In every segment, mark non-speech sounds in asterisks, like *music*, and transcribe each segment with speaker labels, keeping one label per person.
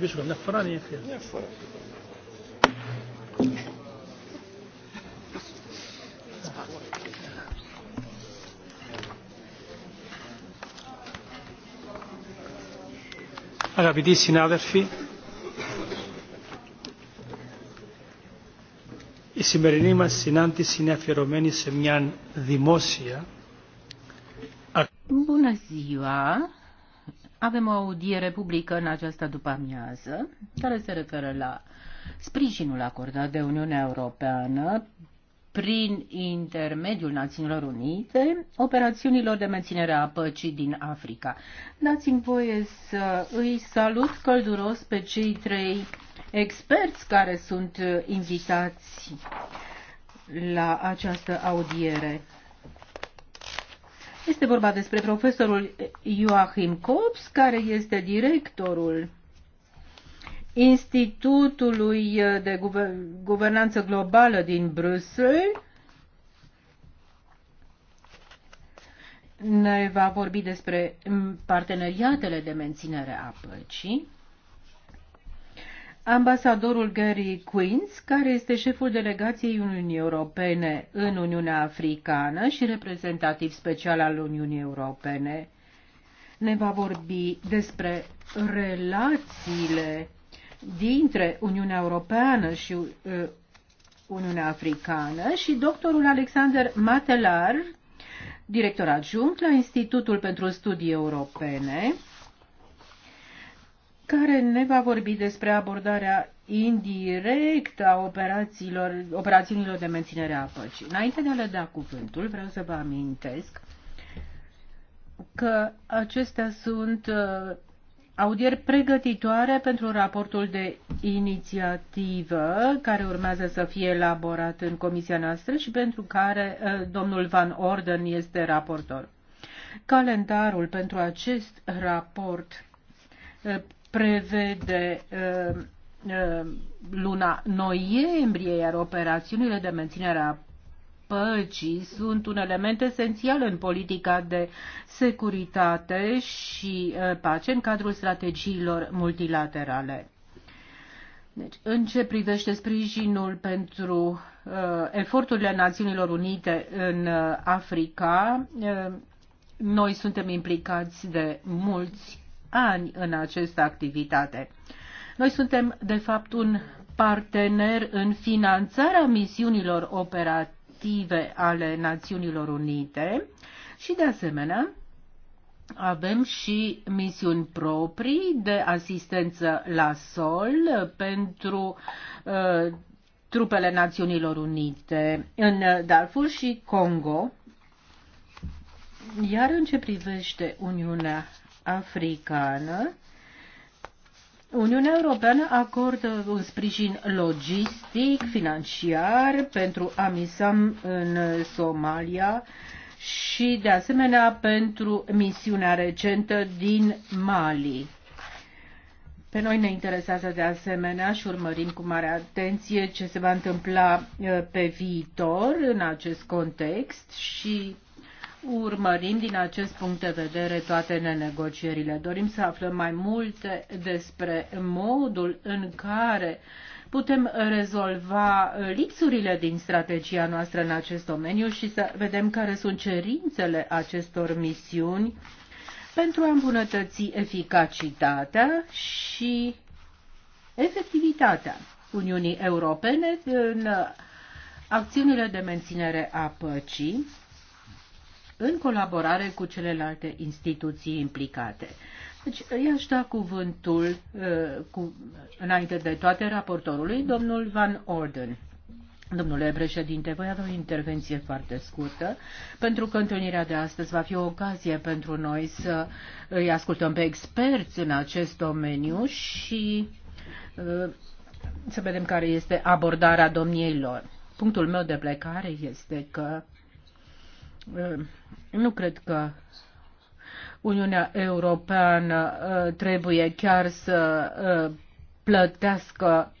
Speaker 1: Bishop, ne fără ne fie. Ne fără.
Speaker 2: Αγαπητοί συνάδελφοι, η σημερινή μας συνάντηση είναι
Speaker 1: αφιερωμένη σε μια δημόσια Bună ziua! Avem o audiere publică în această după-amiază, care se referă la sprijinul acordat de Uniunea Europeană prin intermediul Națiunilor Unite operațiunilor de menținere a păcii din Africa. Dați-mi voie să îi salut călduros pe cei trei experți care sunt invitați la această audiere. Este vorba despre profesorul Joachim Kops, care este directorul Institutului de Guvernanță Globală din Bruxelles. Ne va vorbi despre parteneriatele de menținere a păcii ambasadorul Gary Queens, care este șeful delegației Uniunii Europene în Uniunea Africană și reprezentativ special al Uniunii Europene. Ne va vorbi despre relațiile dintre Uniunea Europeană și uh, Uniunea Africană și doctorul Alexander Matelar, director adjunct la Institutul pentru Studii Europene, care ne va vorbi despre abordarea indirectă a operațiilor, operațiunilor de menținere a păcii. Înainte de a le da cuvântul, vreau să vă amintesc că acestea sunt uh, audieri pregătitoare pentru raportul de inițiativă care urmează să fie elaborat în comisia noastră și pentru care uh, domnul Van Orden este raportor. Calendarul pentru acest raport uh, prevede uh, uh, luna noiembrie, iar operațiunile de menținere a păcii sunt un element esențial în politica de securitate și pace în cadrul strategiilor multilaterale. Deci, în ce privește sprijinul pentru uh, eforturile Națiunilor Unite în uh, Africa, uh, noi suntem implicați de mulți ani în această activitate. Noi suntem, de fapt, un partener în finanțarea misiunilor operative ale Națiunilor Unite și, de asemenea, avem și misiuni proprii de asistență la sol pentru uh, trupele Națiunilor Unite în Darfur și Congo. Iar în ce privește Uniunea africană, Uniunea Europeană acordă un sprijin logistic, financiar pentru AMISAM în Somalia și, de asemenea, pentru misiunea recentă din Mali. Pe noi ne interesează de asemenea și urmărim cu mare atenție ce se va întâmpla eh, pe viitor în acest context și urmărim din acest punct de vedere toate negocierile. Dorim să aflăm mai multe despre modul în care putem rezolva lipsurile din strategia noastră în acest domeniu și să vedem care sunt cerințele acestor misiuni pentru a îmbunătăți eficacitatea și efectivitatea Uniunii Europene în acțiunile de menținere a păcii în colaborare cu celelalte instituții implicate. Deci îi aș da cuvântul, uh, cu, înainte de toate, raportorului, domnul Van Orden. Domnule președinte, voi avea o intervenție foarte scurtă, pentru că întâlnirea de astăzi va fi o ocazie pentru noi să îi ascultăm pe experți în acest domeniu și uh, să vedem care este abordarea domniei lor. Punctul meu de plecare este că Ehm, nu cred că Uniunea Europeană ehm, trebuie chiar să ehm, plătească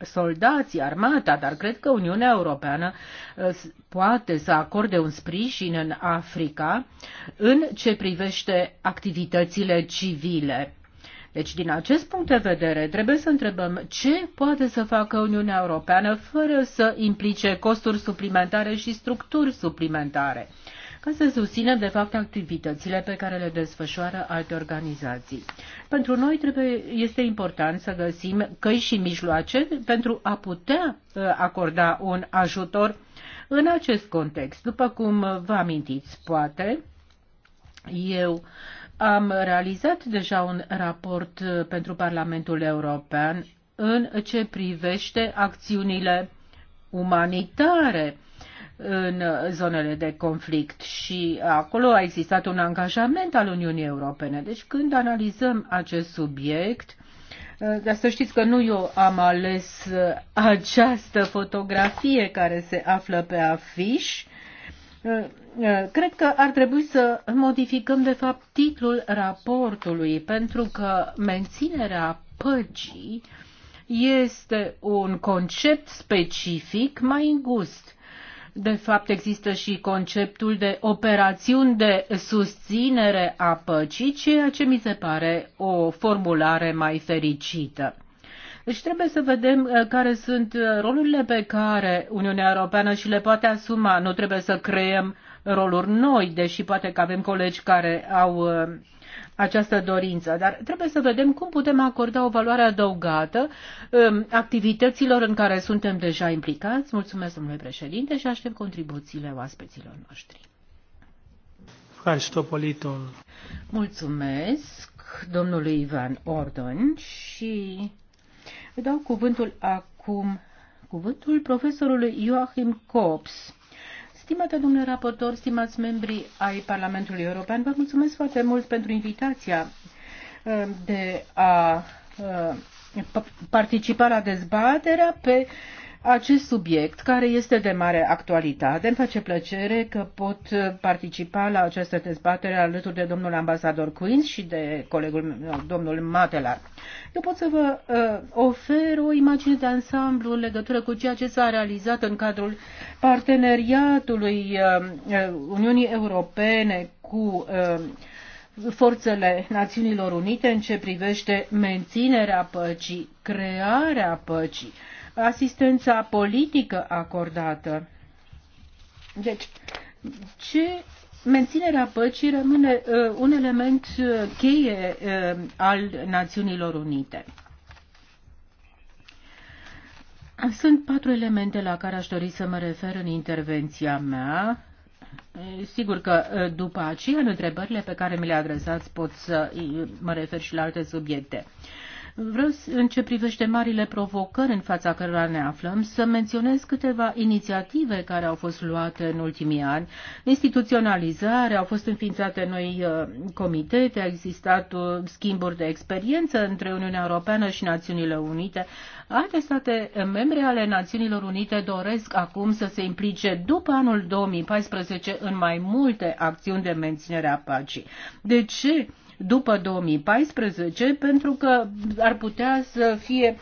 Speaker 1: soldații, armata, dar cred că Uniunea Europeană poate să acorde un sprijin în Africa în ce privește activitățile civile. Deci, din acest punct de vedere, trebuie să întrebăm ce poate să facă Uniunea Europeană fără să implice costuri suplimentare și structuri suplimentare, ca să susținem, de fapt, activitățile pe care le desfășoară alte organizații. Pentru noi trebuie, este important să găsim căi și mijloace pentru a putea uh, acorda un ajutor în acest context. După cum vă amintiți, poate, eu am realizat deja un raport uh, pentru Parlamentul European în ce privește acțiunile umanitare în zonele de conflict și acolo a existat un angajament al Uniunii Europene. Deci când analizăm acest subiect, uh, dar să știți că nu eu am ales uh, această fotografie care se află pe afiș, Eh, eh, cred că ar trebui să modificăm, de fapt, titlul raportului, pentru că menținerea păcii este un concept specific mai îngust. De fapt, există și conceptul de operațiuni de susținere a păcii, ceea ce mi se pare o formulare mai fericită. Deci trebuie să vedem uh, care sunt uh, rolurile pe care Uniunea Europeană și le poate asuma. Nu trebuie să creăm roluri noi, deși poate că avem colegi care au uh, această dorință, dar trebuie să vedem cum putem acorda o valoare adăugată um, activităților în care suntem deja implicați. Mulțumesc, domnule președinte, și aștept contribuțiile oaspeților noștri. Mulțumesc domnului Ivan Ordon și îi dau cuvântul acum, cuvântul profesorului Joachim Kops. Stimate domnule raportor, stimați membri ai Parlamentului European, vă mulțumesc foarte mult pentru invitația ă, de a ă, participa la dezbaterea pe uh, acest subiect, care este de mare actualitate. Îmi face plăcere că pot participa la această dezbatere alături de domnul ambasador Queen și de colegul meu, domnul Matelar. Eu pot să vă uh, ofer o imagine de ansamblu în legătură cu ceea ce s-a realizat în cadrul parteneriatului uh, uh Uniunii Europene cu uh, forțele Națiunilor Unite în ce privește menținerea păcii, crearea păcii. Uh, asistența politică acordată. Deci, ce menținerea păcii rămâne uh, un element uh, cheie uh, al Națiunilor Unite. Sunt patru elemente la care aș dori să mă refer în intervenția mea. Sigur că uh, după aceea, în întrebările pe care mi le adresați, pot să uh, mă refer și la alte subiecte. Vreau, în ce privește marile provocări în fața cărora ne aflăm, să menționez câteva inițiative care au fost luate în ultimii ani. Instituționalizare, au fost înființate noi uh, comitete, a existat uh, schimburi de experiență între Uniunea Europeană și Națiunile Unite. Alte state membre ale Națiunilor Unite doresc acum să se implice după anul 2014 în mai multe acțiuni de menținere a pacii. De ce? după 2014, pentru că ar putea să fie,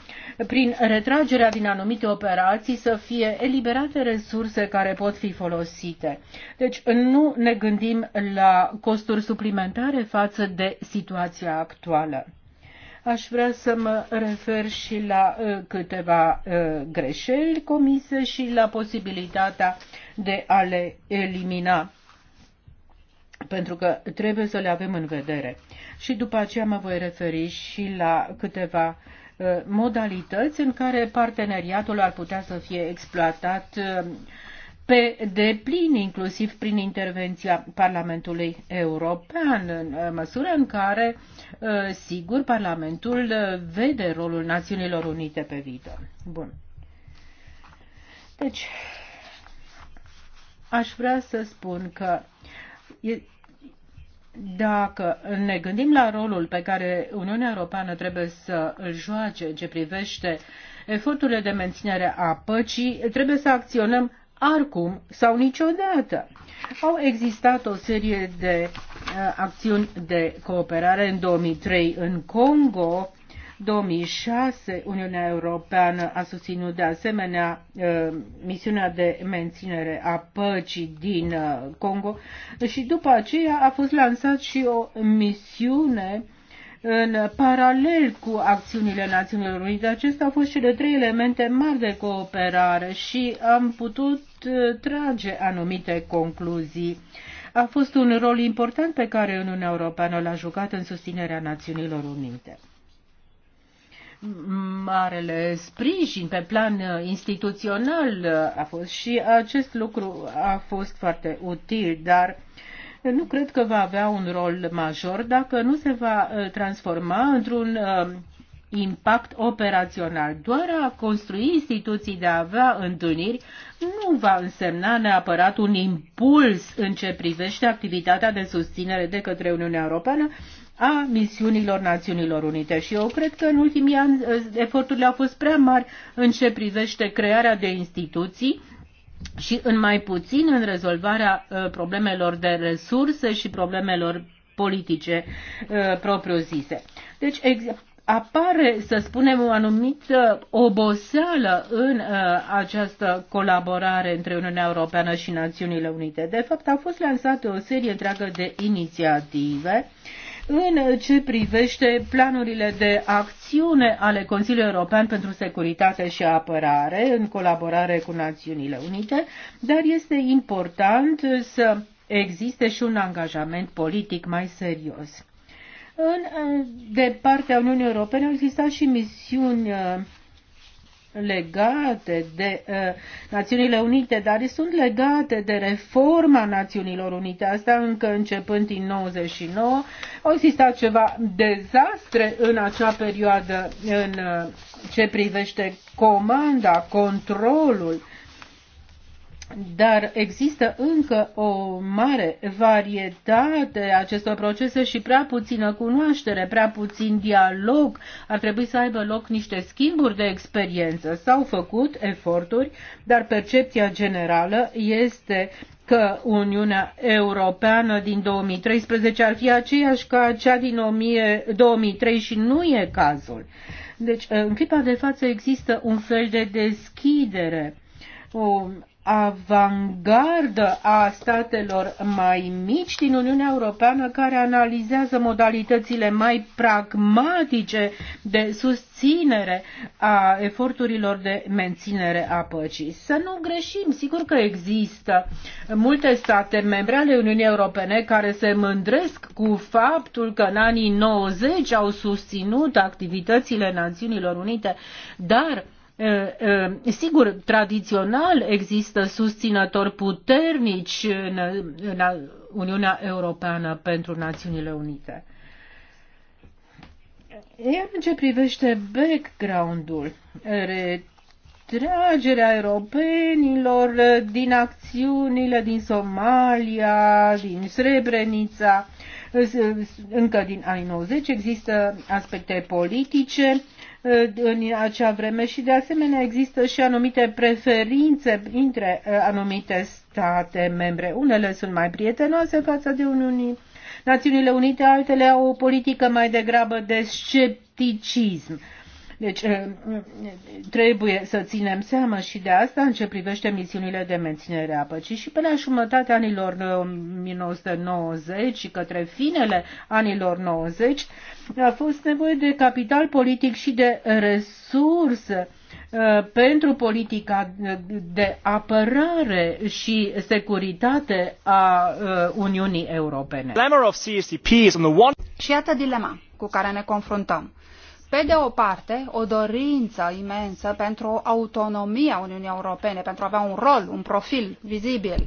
Speaker 1: prin retragerea din anumite operații, să fie eliberate resurse care pot fi folosite. Deci nu ne gândim la costuri suplimentare față de situația actuală. Aș vrea să mă refer și la uh, câteva uh, greșeli comise și la posibilitatea de a le elimina pentru că trebuie să le avem în vedere. Și după aceea mă voi referi și la câteva uh, modalități în care parteneriatul ar putea să fie exploatat uh, pe deplin, inclusiv prin intervenția Parlamentului European, în uh, măsură în care, sigur, Parlamentul vede rolul Națiunilor Unite pe viitor. Bun. Deci, aș vrea să spun că dacă ne gândim la rolul pe care Uniunea Europeană trebuie să îl joace în ce privește eforturile de menținere a păcii, trebuie să acționăm arcum sau niciodată. Au existat o serie de uh, acțiuni de cooperare în 2003 în Congo, 2006, Uniunea Europeană a susținut de asemenea ă, misiunea de menținere a păcii din ă, Congo și după aceea a fost lansat și o misiune în paralel cu acțiunile Națiunilor Unite. Acestea au fost cele trei elemente mari de cooperare și am putut ă, trage anumite concluzii. A fost un rol important pe care Uniunea Europeană l-a jucat în susținerea Națiunilor Unite marele sprijin pe plan uh, instituțional uh, a fost și acest lucru a fost foarte util, dar nu cred că va avea un rol major dacă nu se va uh, transforma într-un impact operațional. Doar a construi instituții de a avea întâlniri nu va însemna neapărat un impuls în ce privește activitatea de susținere de către Uniunea Europeană, a misiunilor Națiunilor Unite și eu cred că în ultimii ani eh, eforturile au fost prea mari în ce privește crearea de instituții și în mai puțin în rezolvarea eh, problemelor de resurse și problemelor politice eh, propriu-zise. Deci apare, să spunem, o anumită oboseală în această colaborare între Uniunea Europeană și Națiunile Unite. De fapt, au fost lansate o serie întreagă de inițiative în ce privește planurile de acțiune ale Consiliului European pentru Securitate și Apărare în colaborare cu Națiunile Unite, dar este important să existe și un angajament politic mai serios. În, de partea Uniunii Europene au existat și misiuni uh, legate de uh, Națiunile Unite, dar sunt legate de reforma Națiunilor Unite. Asta încă începând din 99. Au existat ceva dezastre în acea perioadă în uh, ce privește comanda, controlul dar există încă o mare varietate a acestor procese și prea puțină cunoaștere, prea puțin dialog. Ar trebui să aibă loc niște schimburi de experiență. S-au făcut eforturi, dar percepția generală este că Uniunea Europeană din 2013 ar fi aceeași ca cea din 2003 și nu e cazul. Deci, în clipa de față există un fel de deschidere, o avangardă a statelor mai mici din Uniunea Europeană care analizează modalitățile mai pragmatice de susținere a eforturilor de menținere a păcii. Să nu greșim, sigur că există multe state membre ale Uniunii Europene care se mândresc cu faptul că în anii 90 au susținut activitățile Națiunilor Unite, dar Sigur, tradițional există susținători puternici în, în Uniunea Europeană pentru Națiunile Unite. Iar în ce privește background-ul, retragerea europenilor din acțiunile din Somalia, din Srebrenica, încă din anii 90 există aspecte politice uh, în acea vreme și de asemenea există și anumite preferințe între uh, anumite state membre. Unele sunt mai prietenoase față de Uniunii Națiunile Unite, altele au o politică mai degrabă de scepticism. Deci uh, uh, trebuie să ținem seama și de asta în ce privește misiunile de menținere a păcii și până la jumătatea anilor 1990 uh, și către finele anilor 90 a fost nevoie de capital politic și de resurse pentru politica de apărare și securitate a Uniunii Europene. Și iată dilema
Speaker 2: cu care ne confruntăm pe de o parte, o dorință imensă pentru autonomia Uniunii Europene, pentru a avea un rol, un profil vizibil.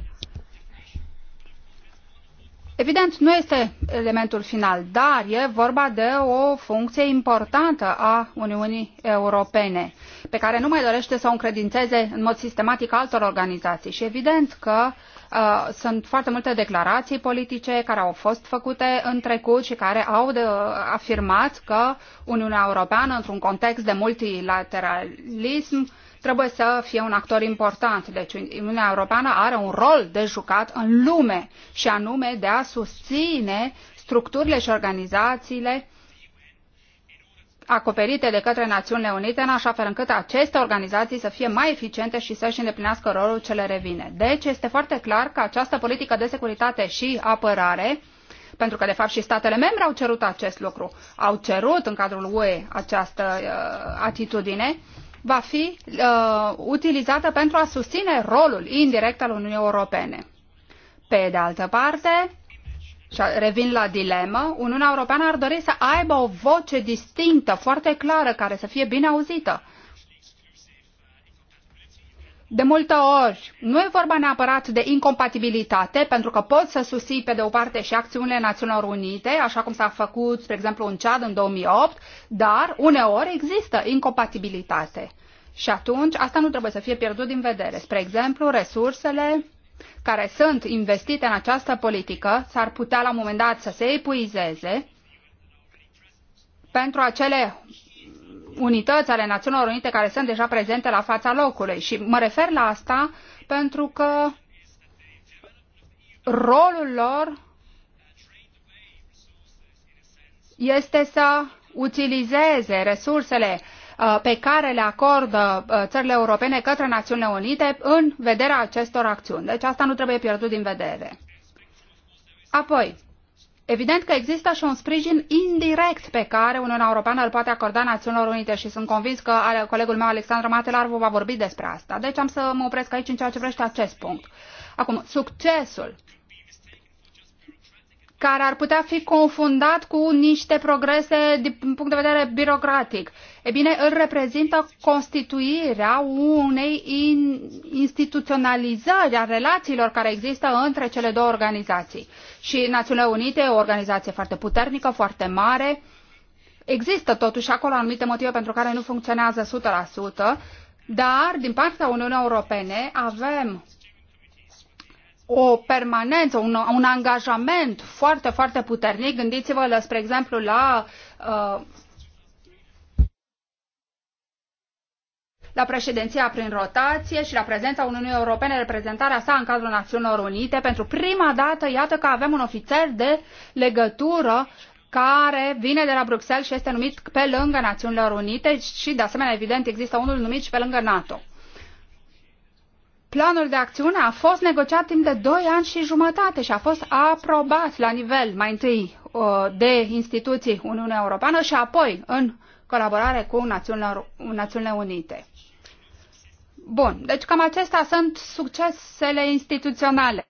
Speaker 2: Evident, nu este elementul final, dar e vorba de o funcție importantă a Uniunii Europene, pe care nu mai dorește să o încredințeze în mod sistematic altor organizații. Și evident că uh, Uh, sunt foarte multe declarații politice care au fost făcute în trecut și care au de, uh, afirmat că Uniunea Europeană, într-un context de multilateralism, trebuie să fie un actor important. Deci Uniunea Europeană are un rol de jucat în lume și anume de a susține structurile și organizațiile acoperite de către Națiunile Unite, în așa fel încât aceste organizații să fie mai eficiente și să-și îndeplinească rolul ce le revine. Deci este foarte clar că această politică de securitate și apărare pentru că, de fapt, și statele membre au cerut acest lucru, au cerut în cadrul UE această uh, atitudine, va fi uh, utilizată pentru a susține rolul indirect al Uniunii Europene. Pe de altă parte, și revin la dilemă, Uniunea Europeană ar dori să aibă o voce distinctă, foarte clară, care să fie bine auzită. De multe ori, nu e vorba neapărat de incompatibilitate, pentru că poți să susții pe de o parte și acțiunile Națiunilor Unite, așa cum s-a făcut, spre exemplu, în Chad în 2008, dar uneori există incompatibilitate. Și atunci, asta nu trebuie să fie pierdut din vedere. Spre exemplu, resursele care sunt investite în această politică s-ar putea la un moment dat să se epuizeze pentru acele unități ale Națiunilor Unite care sunt deja prezente la fața locului. Și mă refer la asta pentru că rolul lor este să utilizeze resursele Uh, pe care le acordă uh, țările europene către Națiunile Unite în vederea acestor acțiuni. Deci asta nu trebuie pierdut din vedere. Apoi, Evident că există și un sprijin indirect pe care Uniunea Europeană îl poate acorda Națiunilor Unite și sunt convins că colegul meu Alexandru Matelar va vorbi despre asta. Deci am să mă opresc aici în ceea ce vrește acest punct. Acum, succesul care ar putea fi confundat cu niște progrese din punct de vedere birocratic. E bine, îl reprezintă constituirea unei in, instituționalizări a relațiilor care există între cele două organizații. Și Națiunile Unite e o organizație foarte puternică, foarte mare. Există totuși acolo anumite motive pentru care nu funcționează 100%, dar din partea Uniunii Europene avem o permanență, un, un angajament foarte, foarte puternic. Gândiți-vă, spre exemplu, la uh, la președinția prin rotație și la prezența Uniunii Europene, reprezentarea sa în cadrul Națiunilor Unite. Pentru prima dată, iată că avem un ofițer de legătură care vine de la Bruxelles și este numit pe lângă Națiunilor Unite și, de asemenea, evident, există unul numit și pe lângă NATO. Planul de acțiune a fost negociat timp de 2 ani și jumătate și a fost aprobat la nivel mai întâi uh, de instituții Uniunea Europeană și apoi în colaborare cu Națiunile Unite. Bun, deci cam acestea sunt succesele instituționale.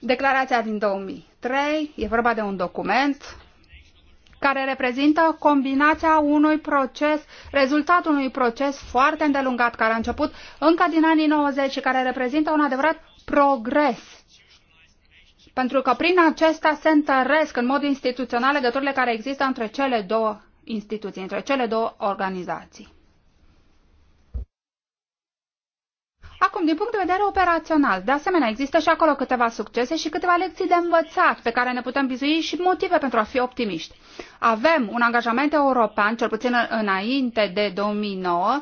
Speaker 2: Declarația din 2003 e vorba de un document care reprezintă combinația unui proces, rezultatul unui proces foarte îndelungat care a început încă din anii 90 și care reprezintă un adevărat progres. Pentru că prin acesta se întăresc în mod instituțional legăturile care există între cele două instituții, între cele două organizații. Acum, din punct de vedere operațional, de asemenea, există și acolo câteva succese și câteva lecții de învățat pe care ne putem vizui și motive pentru a fi optimiști. Avem un angajament european, cel puțin înainte de 2009,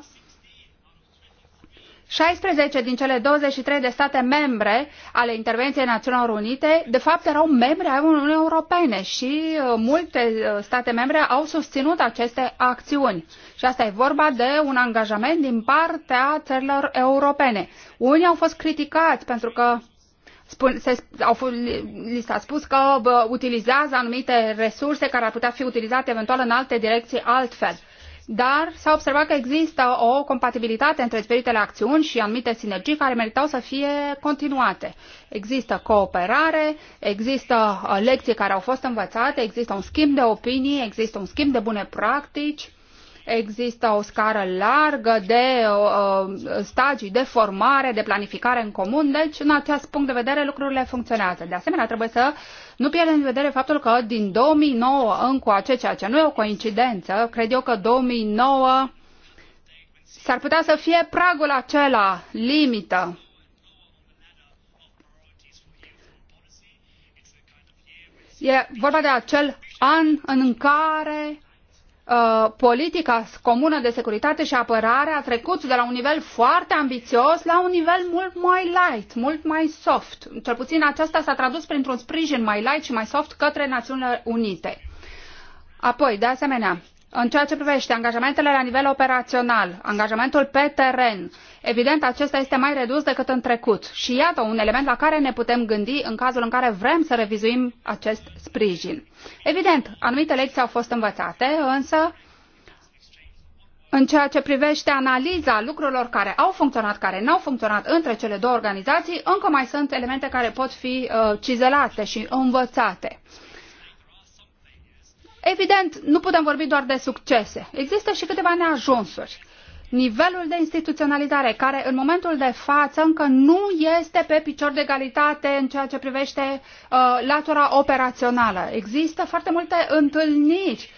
Speaker 2: 16 din cele 23 de state membre ale intervenției Națiunilor Unite, de fapt, erau membre ai Uniunii Europene și uh, multe uh, state membre au susținut aceste acțiuni. Și asta e vorba de un angajament din partea țărilor europene. Unii au fost criticați pentru că spun, se, au, li s-a spus că bă, uh, utilizează anumite resurse care ar putea fi utilizate eventual în alte direcții altfel dar s-a observat că există o compatibilitate între diferitele acțiuni și anumite sinergii care meritau să fie continuate. Există cooperare, există uh, lecții care au fost învățate, există un schimb de opinii, există un schimb de bune practici, există o scară largă de uh, stagii de formare, de planificare în comun, deci în acest punct de vedere lucrurile funcționează. De asemenea, trebuie să uh, nu pierdem în vedere faptul că din 2009 încoace, ceea ce nu e o coincidență, cred eu că 2009 s-ar putea să fie pragul acela, limită, E vorba de acel an în care Uh, politica comună de securitate și apărare a trecut de la un nivel foarte ambițios la un nivel mult mai light, mult mai soft. Cel puțin aceasta s-a tradus printr-un sprijin mai light și mai soft către Națiunile Unite. Apoi, de asemenea, în ceea ce privește angajamentele la nivel operațional, angajamentul pe teren, evident acesta este mai redus decât în trecut. Și iată un element la care ne putem gândi în cazul în care vrem să revizuim acest sprijin. Evident, anumite lecții au fost învățate, însă în ceea ce privește analiza lucrurilor care au funcționat, care nu au funcționat între cele două organizații, încă mai sunt elemente care pot fi uh, cizelate și învățate. Uh, Evident, nu putem vorbi doar de succese. Există și câteva neajunsuri. Nivelul de instituționalizare, care în momentul de față încă nu este pe picior de egalitate în ceea ce privește uh, latura operațională. Există foarte multe întâlniri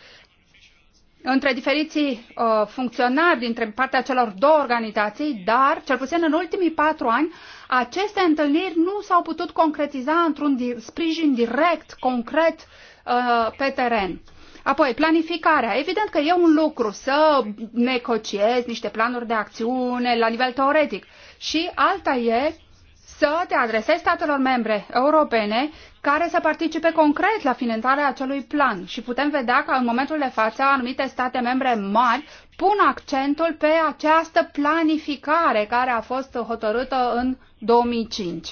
Speaker 2: între diferiții uh, funcționari dintre partea celor două organizații, dar, cel puțin în ultimii patru ani, aceste întâlniri nu s-au putut concretiza într-un sprijin direct, concret, uh, pe teren. Apoi, planificarea. Evident că e un lucru să negociezi niște planuri de acțiune la nivel teoretic. Și alta e să te adresezi statelor membre europene care să participe concret la finanțarea acelui plan. Și putem vedea că în momentul de față anumite state membre mari pun accentul pe această planificare care a fost hotărâtă în 2005.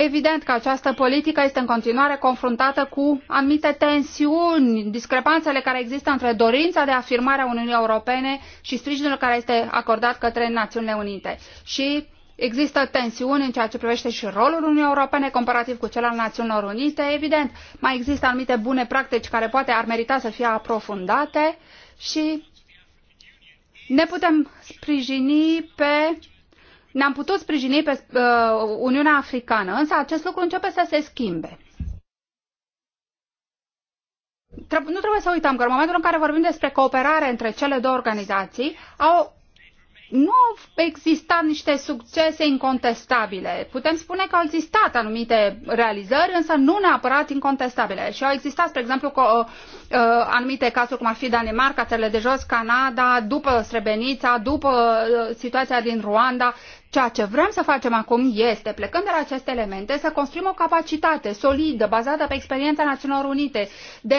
Speaker 2: Evident că această politică este în continuare confruntată cu anumite tensiuni, discrepanțele care există între dorința de afirmare a Uniunii Europene și sprijinul care este acordat către Națiunile Unite. Și Există tensiuni în ceea ce privește și rolul Uniunii Europene comparativ cu cel al Națiunilor Unite, evident. Mai există anumite bune practici care poate ar merita să fie aprofundate și ne putem sprijini pe ne-am putut sprijini pe uh, Uniunea Africană, însă acest lucru începe să se schimbe. Treb nu trebuie să uităm că în momentul în care vorbim despre cooperare între cele două organizații, au, nu au existat niște succese incontestabile. Putem spune că au existat anumite realizări, însă nu neapărat incontestabile. Și au existat, spre exemplu, co, uh, uh anumite cazuri, cum ar fi Danemarca, țările de jos, Canada, după Srebrenica, după uh, situația din Ruanda Ceea ce vrem să facem acum este, plecând de la aceste elemente, să construim o capacitate solidă, bazată pe experiența Națiunilor Unite, de,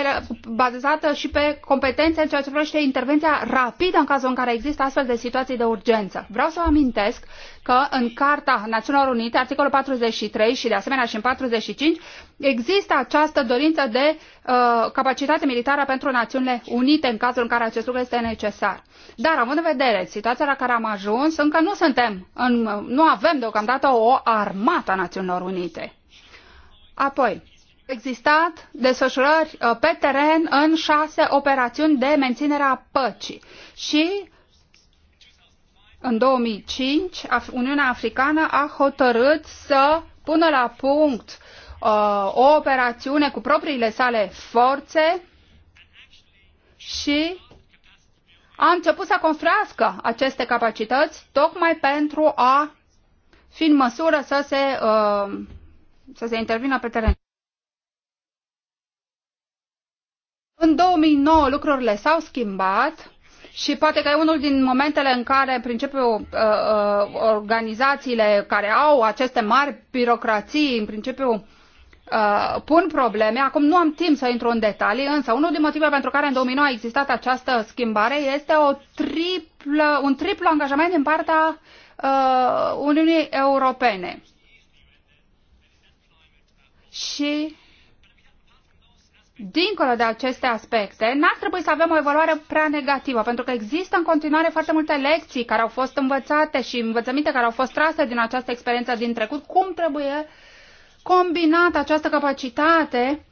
Speaker 2: bazată și pe competențe în ceea ce privește intervenția rapidă în cazul în care există astfel de situații de urgență. Vreau să vă amintesc că în Carta Națiunilor Unite, articolul 43 și de asemenea și în 45, există această dorință de uh, capacitate militară pentru Națiunile Unite în cazul în care acest lucru este necesar. Dar, având în vedere situația la care am ajuns, încă nu suntem, în, nu avem deocamdată o armată a Națiunilor Unite. Apoi, existat desfășurări uh, pe teren în șase operațiuni de menținere a păcii și în 2005 Uniunea Africană a hotărât să pună la punct uh, uh, o operațiune cu propriile sale forțe și a început să construiască aceste capacități tocmai pentru a fi în măsură să se, uh, să se intervină pe teren. În 2009 lucrurile s-au schimbat și poate că e unul din momentele în care, în principiu, uh, uh, organizațiile care au aceste mari birocrații, în principiu, Uh, pun probleme. Acum nu am timp să intru în detalii, însă unul din motivele pentru care în 2009 a existat această schimbare este o triplă, un triplu angajament din partea uh, Uniunii Europene. Și Dincolo de aceste aspecte, n-ar trebui să avem o evaluare prea negativă, pentru că există în continuare foarte multe lecții care au fost învățate și învățăminte care au fost trase din această experiență din trecut, cum trebuie combinat această capacitate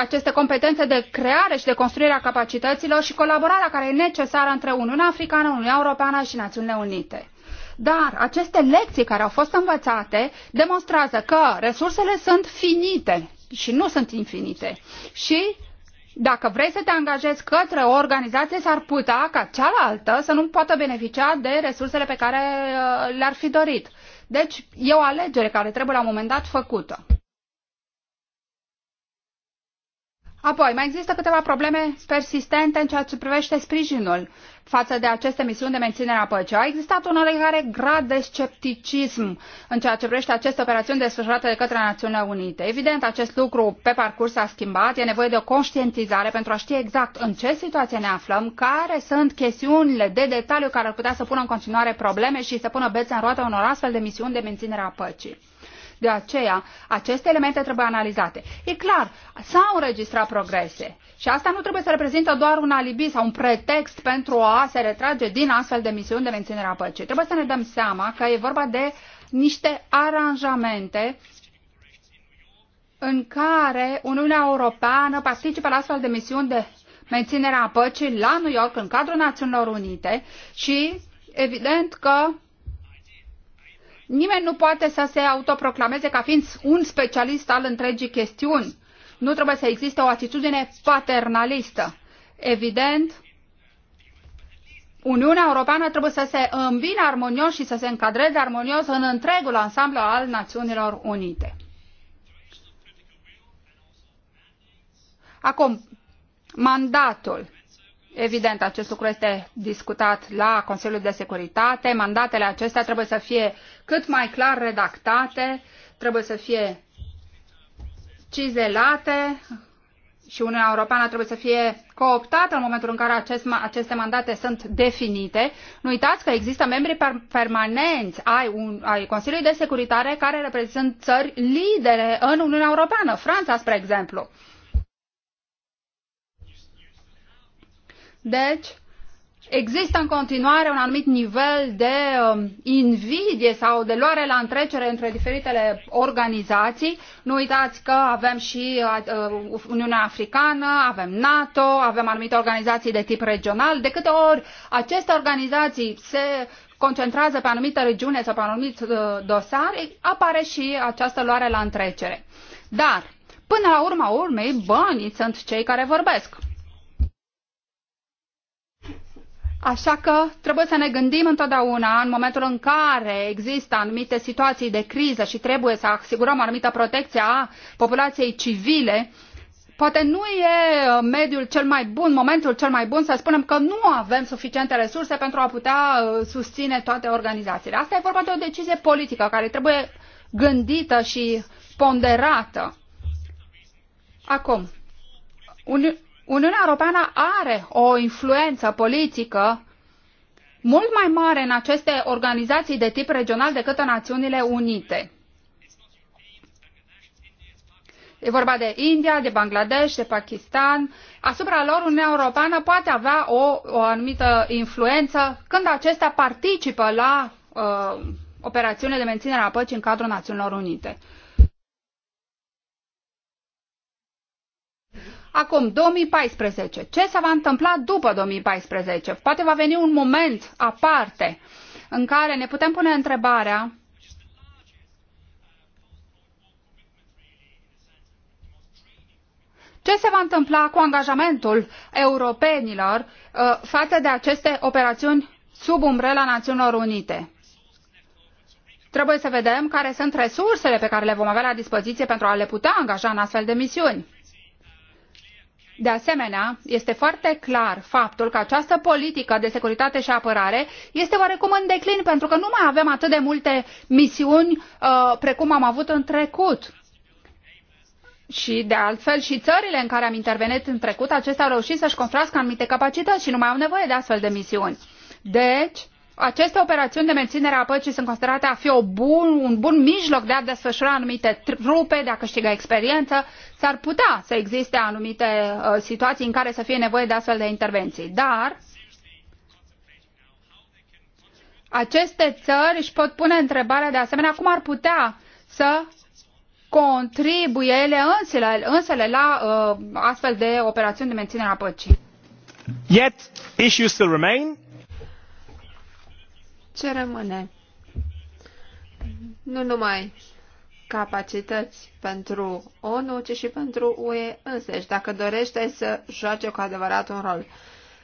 Speaker 2: aceste competențe de creare și de construire a capacităților și colaborarea care e necesară între Uniunea Africană, Uniunea Europeană și Națiunile Unite. Dar aceste lecții care au fost învățate demonstrează că resursele sunt finite și nu sunt infinite. Și dacă vrei să te angajezi către o organizație, s-ar putea ca cealaltă să nu poată beneficia de resursele pe care uh, le-ar fi dorit. Deci e o alegere care trebuie la un moment dat făcută. Apoi, mai există câteva probleme persistente în ceea ce privește sprijinul față de aceste misiuni de menținere a păcii. A existat un oarecare grad de scepticism în ceea ce privește aceste operațiuni desfășurate de către Națiunile Unite. Evident, acest lucru pe parcurs s-a schimbat, e nevoie de o conștientizare pentru a ști exact în ce situație ne aflăm, care sunt chestiunile de detaliu care ar putea să pună în continuare probleme și să pună bețe în roată unor astfel de misiuni de menținere a păcii. De aceea, aceste elemente trebuie analizate. E clar, s-au înregistrat progrese și asta nu trebuie să reprezintă doar un alibi sau un pretext pentru a se retrage din astfel de misiuni de menținere a păcii. Trebuie să ne dăm seama că e vorba de niște aranjamente în care Uniunea Europeană participă la astfel de misiuni de menținere a păcii la New York, în cadrul Națiunilor Unite și evident că Nimeni nu poate să se autoproclameze ca fiind un specialist al întregii chestiuni. Nu trebuie să existe o atitudine paternalistă. Evident, Uniunea Europeană trebuie să se îmbine armonios și să se încadreze armonios în întregul ansamblu al Națiunilor Unite. Acum, mandatul Evident, acest lucru este discutat la Consiliul de Securitate. Mandatele acestea trebuie să fie cât mai clar redactate, trebuie să fie cizelate și Uniunea Europeană trebuie să fie cooptată în momentul în care acest, aceste mandate sunt definite. Nu uitați că există membri permanenți ai, un, ai Consiliului de Securitate care reprezintă țări lidere în Uniunea Europeană, Franța, spre exemplu. Deci, există în continuare un anumit nivel de um, invidie sau de luare la întrecere între diferitele organizații. Nu uitați că avem și uh, uh, Uniunea Africană, avem NATO, avem anumite organizații de tip regional. De câte ori aceste organizații se concentrează pe anumite regiune sau pe anumit uh, dosar, apare și această luare la întrecere. Dar, până la urma urmei, banii sunt cei care vorbesc. Așa că trebuie să ne gândim întotdeauna în momentul în care există anumite situații de criză și trebuie să asigurăm o anumită protecție a populației civile, poate nu e uh, mediul cel mai bun, momentul cel mai bun să spunem că nu avem suficiente resurse pentru a putea uh, susține toate organizațiile. Asta e vorba de o decizie politică care trebuie gândită și ponderată. Acum, Uniunea Europeană are o influență politică mult mai mare în aceste organizații de tip regional decât în Națiunile Unite. E vorba de India, de Bangladesh, de Pakistan. Asupra lor, Uniunea Europeană poate avea o, o anumită influență când acestea participă la uh, operațiunile de menținere a păcii în cadrul Națiunilor Unite. Acum, 2014. Ce se va întâmpla după 2014? Poate va veni un moment aparte în care ne putem pune întrebarea Ce se va întâmpla cu angajamentul europenilor uh, față de aceste operațiuni sub umbrela Națiunilor Unite? Trebuie să vedem care sunt resursele pe care le vom avea la dispoziție pentru a le putea angaja în astfel de misiuni de asemenea, este foarte clar faptul că această politică de securitate și apărare este oarecum în declin, pentru că nu mai avem atât de multe misiuni uh, precum am avut în trecut. Și, de altfel, și țările în care am intervenit în trecut, acestea au reușit să-și construiască anumite capacități și nu mai au nevoie de astfel de misiuni. Deci, aceste operațiuni de menținere a păcii sunt considerate a fi o bun, un bun mijloc de a desfășura anumite trupe, de a câștiga experiență. S-ar putea să existe anumite uh, situații în care să fie nevoie de astfel de intervenții. Dar aceste țări își pot pune întrebarea de asemenea cum ar putea să contribuie ele însele, însele la uh, astfel de operațiuni de menținere a păcii. Yet, issues still remain ce rămâne? Nu numai
Speaker 3: capacități pentru ONU, ci și pentru UE însăși, dacă dorește să joace cu adevărat un rol.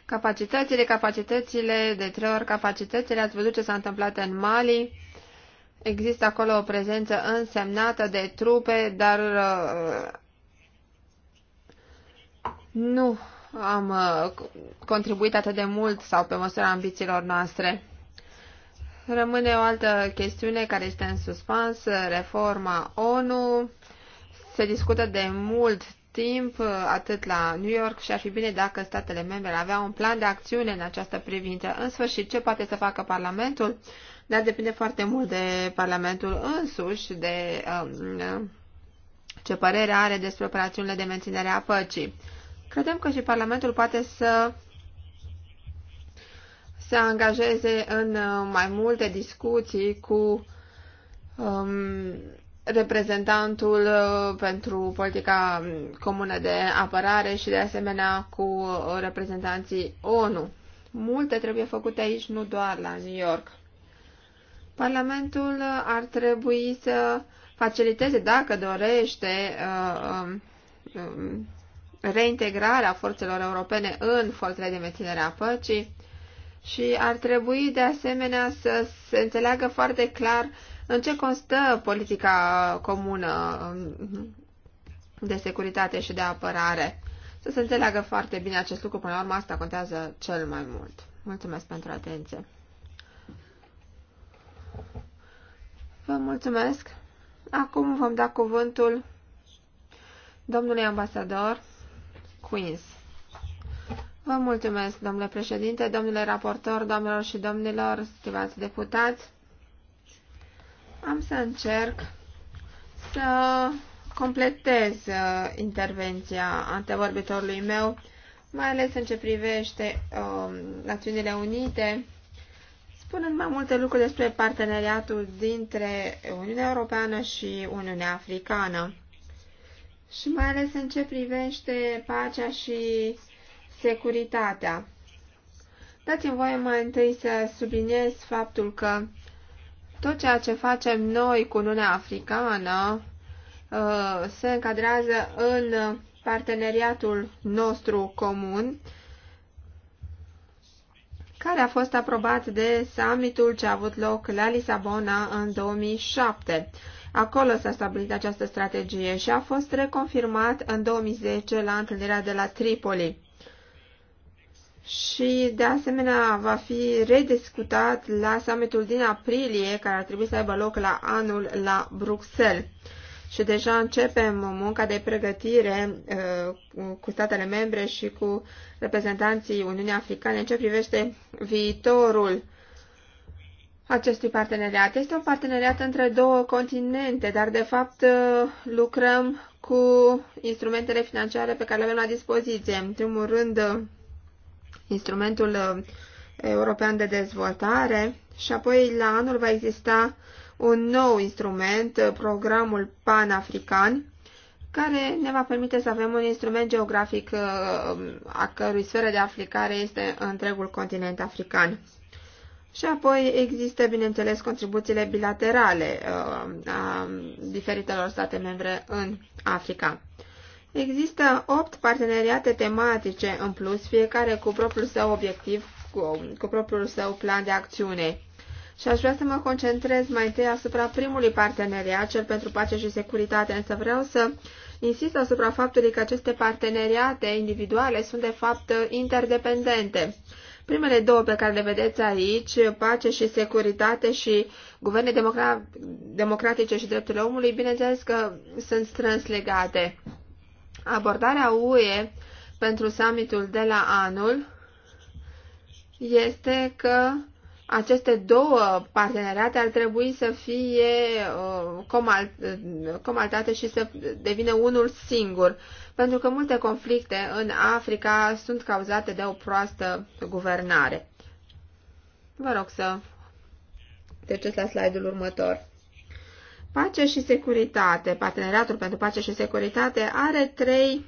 Speaker 3: Capacitățile, capacitățile, de trei ori capacitățile, ați văzut ce s-a întâmplat în Mali, există acolo o prezență însemnată de trupe, dar uh, nu am uh, contribuit atât de mult sau pe măsura ambițiilor noastre. Rămâne o altă chestiune care este în suspans, reforma ONU. Se discută de mult timp, atât la New York, și ar fi bine dacă statele membre aveau un plan de acțiune în această privință. În sfârșit, ce poate să facă Parlamentul? Dar depinde foarte mult de Parlamentul însuși, de um, ce părere are despre operațiunile de menținere a păcii. Credem că și Parlamentul poate să se angajeze în uh, mai multe discuții cu um, reprezentantul uh, pentru politica comună de apărare și de asemenea cu uh, reprezentanții ONU. Multe trebuie făcute aici, nu doar la New York. Parlamentul ar trebui să faciliteze, dacă dorește, um, um, reintegrarea forțelor europene în forțele de menținere a păcii, și ar trebui de asemenea să se înțeleagă foarte clar în ce constă politica comună um, de securitate și de apărare. Să se înțeleagă foarte bine acest lucru, până la urmă asta contează cel mai mult. Mulțumesc pentru atenție. Vă mulțumesc. Acum vom da cuvântul domnului ambasador Queens. Vă mulțumesc, domnule președinte, domnule raportor, domnilor și domnilor, stimați deputați. Am să încerc să completez uh, intervenția antevorbitorului meu, mai ales în ce privește uh, Națiunile Unite, spunând mai multe lucruri despre parteneriatul dintre Uniunea Europeană și Uniunea Africană. Și mai ales în ce privește pacea și securitatea. Dați-mi voie mai întâi să subliniez faptul că tot ceea ce facem noi cu Uniunea Africană uh, se încadrează în parteneriatul nostru comun, care a fost aprobat de summitul ce a avut loc la Lisabona în 2007. Acolo s-a stabilit această strategie și a fost reconfirmat în 2010 la întâlnirea de la Tripoli și de asemenea va fi rediscutat la summitul din aprilie care ar trebui să aibă loc la anul la Bruxelles. Și deja începem munca de pregătire uh, cu statele membre și cu reprezentanții Uniunii Africane în ce privește viitorul acestui parteneriat. Este un parteneriat între două continente, dar de fapt uh, lucrăm cu instrumentele financiare pe care le avem la dispoziție. În primul rând, uh, instrumentul uh, european de dezvoltare și apoi la anul va exista un nou instrument, uh, programul panafrican, care ne va permite să avem un instrument geografic uh, a cărui sferă de aplicare este întregul continent african. Și apoi există, bineînțeles, contribuțiile bilaterale a diferitelor state membre în Africa. Există opt parteneriate tematice în plus, fiecare cu propriul său obiectiv, cu, cu propriul său plan de acțiune. Și aș vrea să mă concentrez mai întâi asupra primului parteneriat, cel pentru pace și securitate, însă vreau să insist asupra faptului că aceste parteneriate individuale sunt de fapt interdependente. Primele două pe care le vedeți aici, pace și securitate și guverne democra- democratice și drepturile omului, bineînțeles că sunt strâns legate. Abordarea UE pentru summitul de la anul este că aceste două parteneriate ar trebui să fie uh, uh, comaltate și să devină unul singur, pentru că multe conflicte în Africa sunt cauzate de o proastă guvernare. Vă rog să treceți la slide-ul următor. Pace și securitate, parteneriatul pentru pace și securitate are trei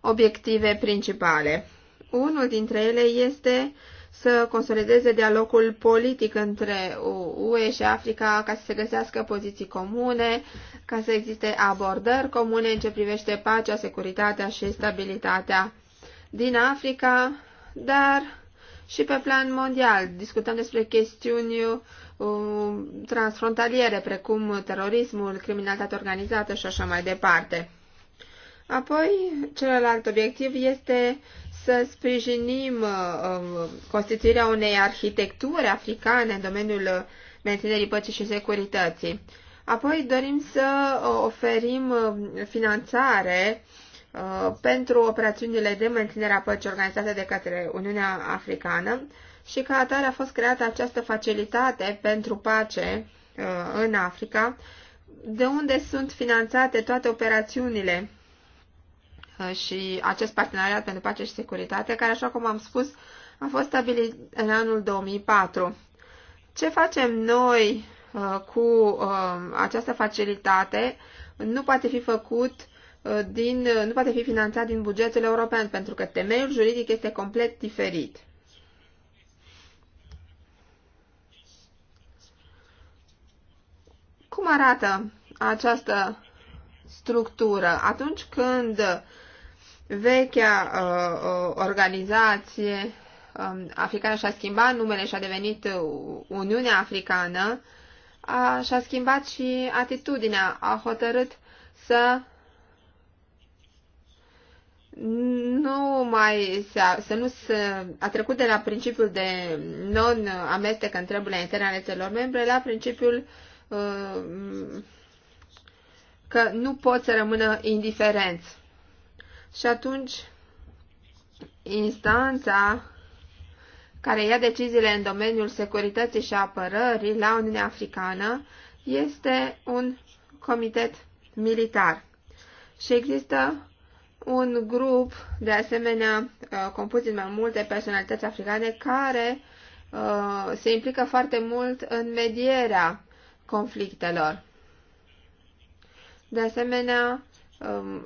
Speaker 3: obiective principale. Unul dintre ele este să consolideze dialogul politic între UE și Africa ca să se găsească poziții comune, ca să existe abordări comune în ce privește pacea, securitatea și stabilitatea din Africa, dar și pe plan mondial. Discutăm despre chestiuni Um, transfrontaliere, precum terorismul, criminalitatea organizată și așa mai departe. Apoi, celălalt obiectiv este să sprijinim um, constituirea unei arhitecturi africane în domeniul menținerii păcii și securității. Apoi dorim să uh, oferim uh, finanțare uh, pentru operațiunile de menținere a păcii organizate de către Uniunea Africană, și ca atare a fost creată această facilitate pentru pace uh, în Africa, de unde sunt finanțate toate operațiunile uh, și acest parteneriat pentru pace și securitate, care, așa cum am spus, a fost stabilit în anul 2004. Ce facem noi uh, cu această facilitate nu poate fi făcut din, nu poate fi finanțat din bugetul european, pentru că temeiul juridic este complet diferit. Cum arată această structură atunci când vechea uh, uh organizație uh, africană și-a schimbat numele și a devenit Uniunea Africană, a, și-a schimbat și atitudinea, a hotărât să nu mai se, să nu se, a trecut de la principiul de non-amestec în treburile interne ale țărilor membre la principiul uh, Uh, că nu pot să rămână indiferenți. Și atunci, instanța care ia deciziile în domeniul securității și apărării la Uniunea Africană este un comitet militar. Și există un grup, de asemenea, uh, compus din mai multe personalități africane, care uh, se implică foarte mult în medierea conflictelor. De asemenea, um,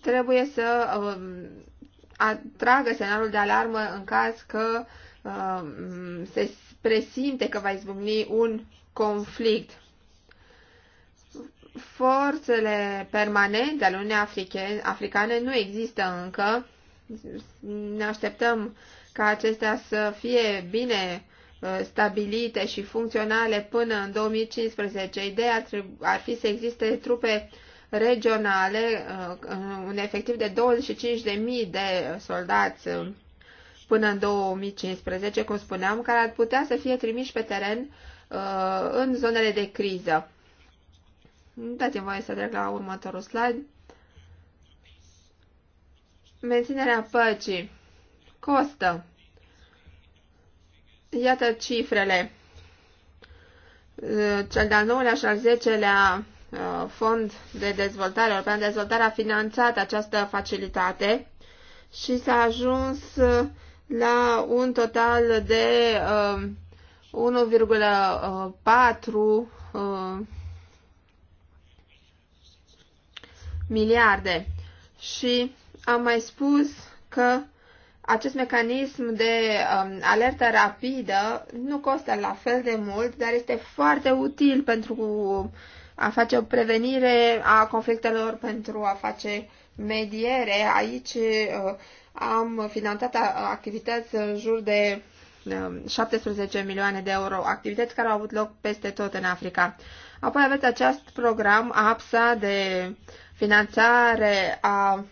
Speaker 3: trebuie să um, atragă semnalul de alarmă în caz că um, se presimte că va izbucni un conflict. Forțele permanente ale Uniunii Africane nu există încă. Ne așteptăm ca acestea să fie bine Uh, stabilite și funcționale până în 2015. Ideea ar, ar fi să existe trupe regionale, uh, un efectiv de 25.000 de soldați uh, până în 2015, cum spuneam, care ar putea să fie trimiși pe teren în zonele de criză. Dați-mi voie să trec la următorul slide. Menținerea păcii costă Iată cifrele. Uh, cel de-al nouălea și al zecelea uh, fond de dezvoltare european, de dezvoltare a finanțat această facilitate și s-a ajuns uh, la un total de 1,4 miliarde. Și am mai spus că acest mecanism de um, alertă rapidă nu costă la fel de mult, dar este foarte util pentru a face o prevenire a conflictelor, pentru a face mediere. Aici uh, am finanțat activități în jur de 17 um, milioane de euro, activități care au avut loc peste tot în Africa. Apoi aveți acest program APSA de finanțare a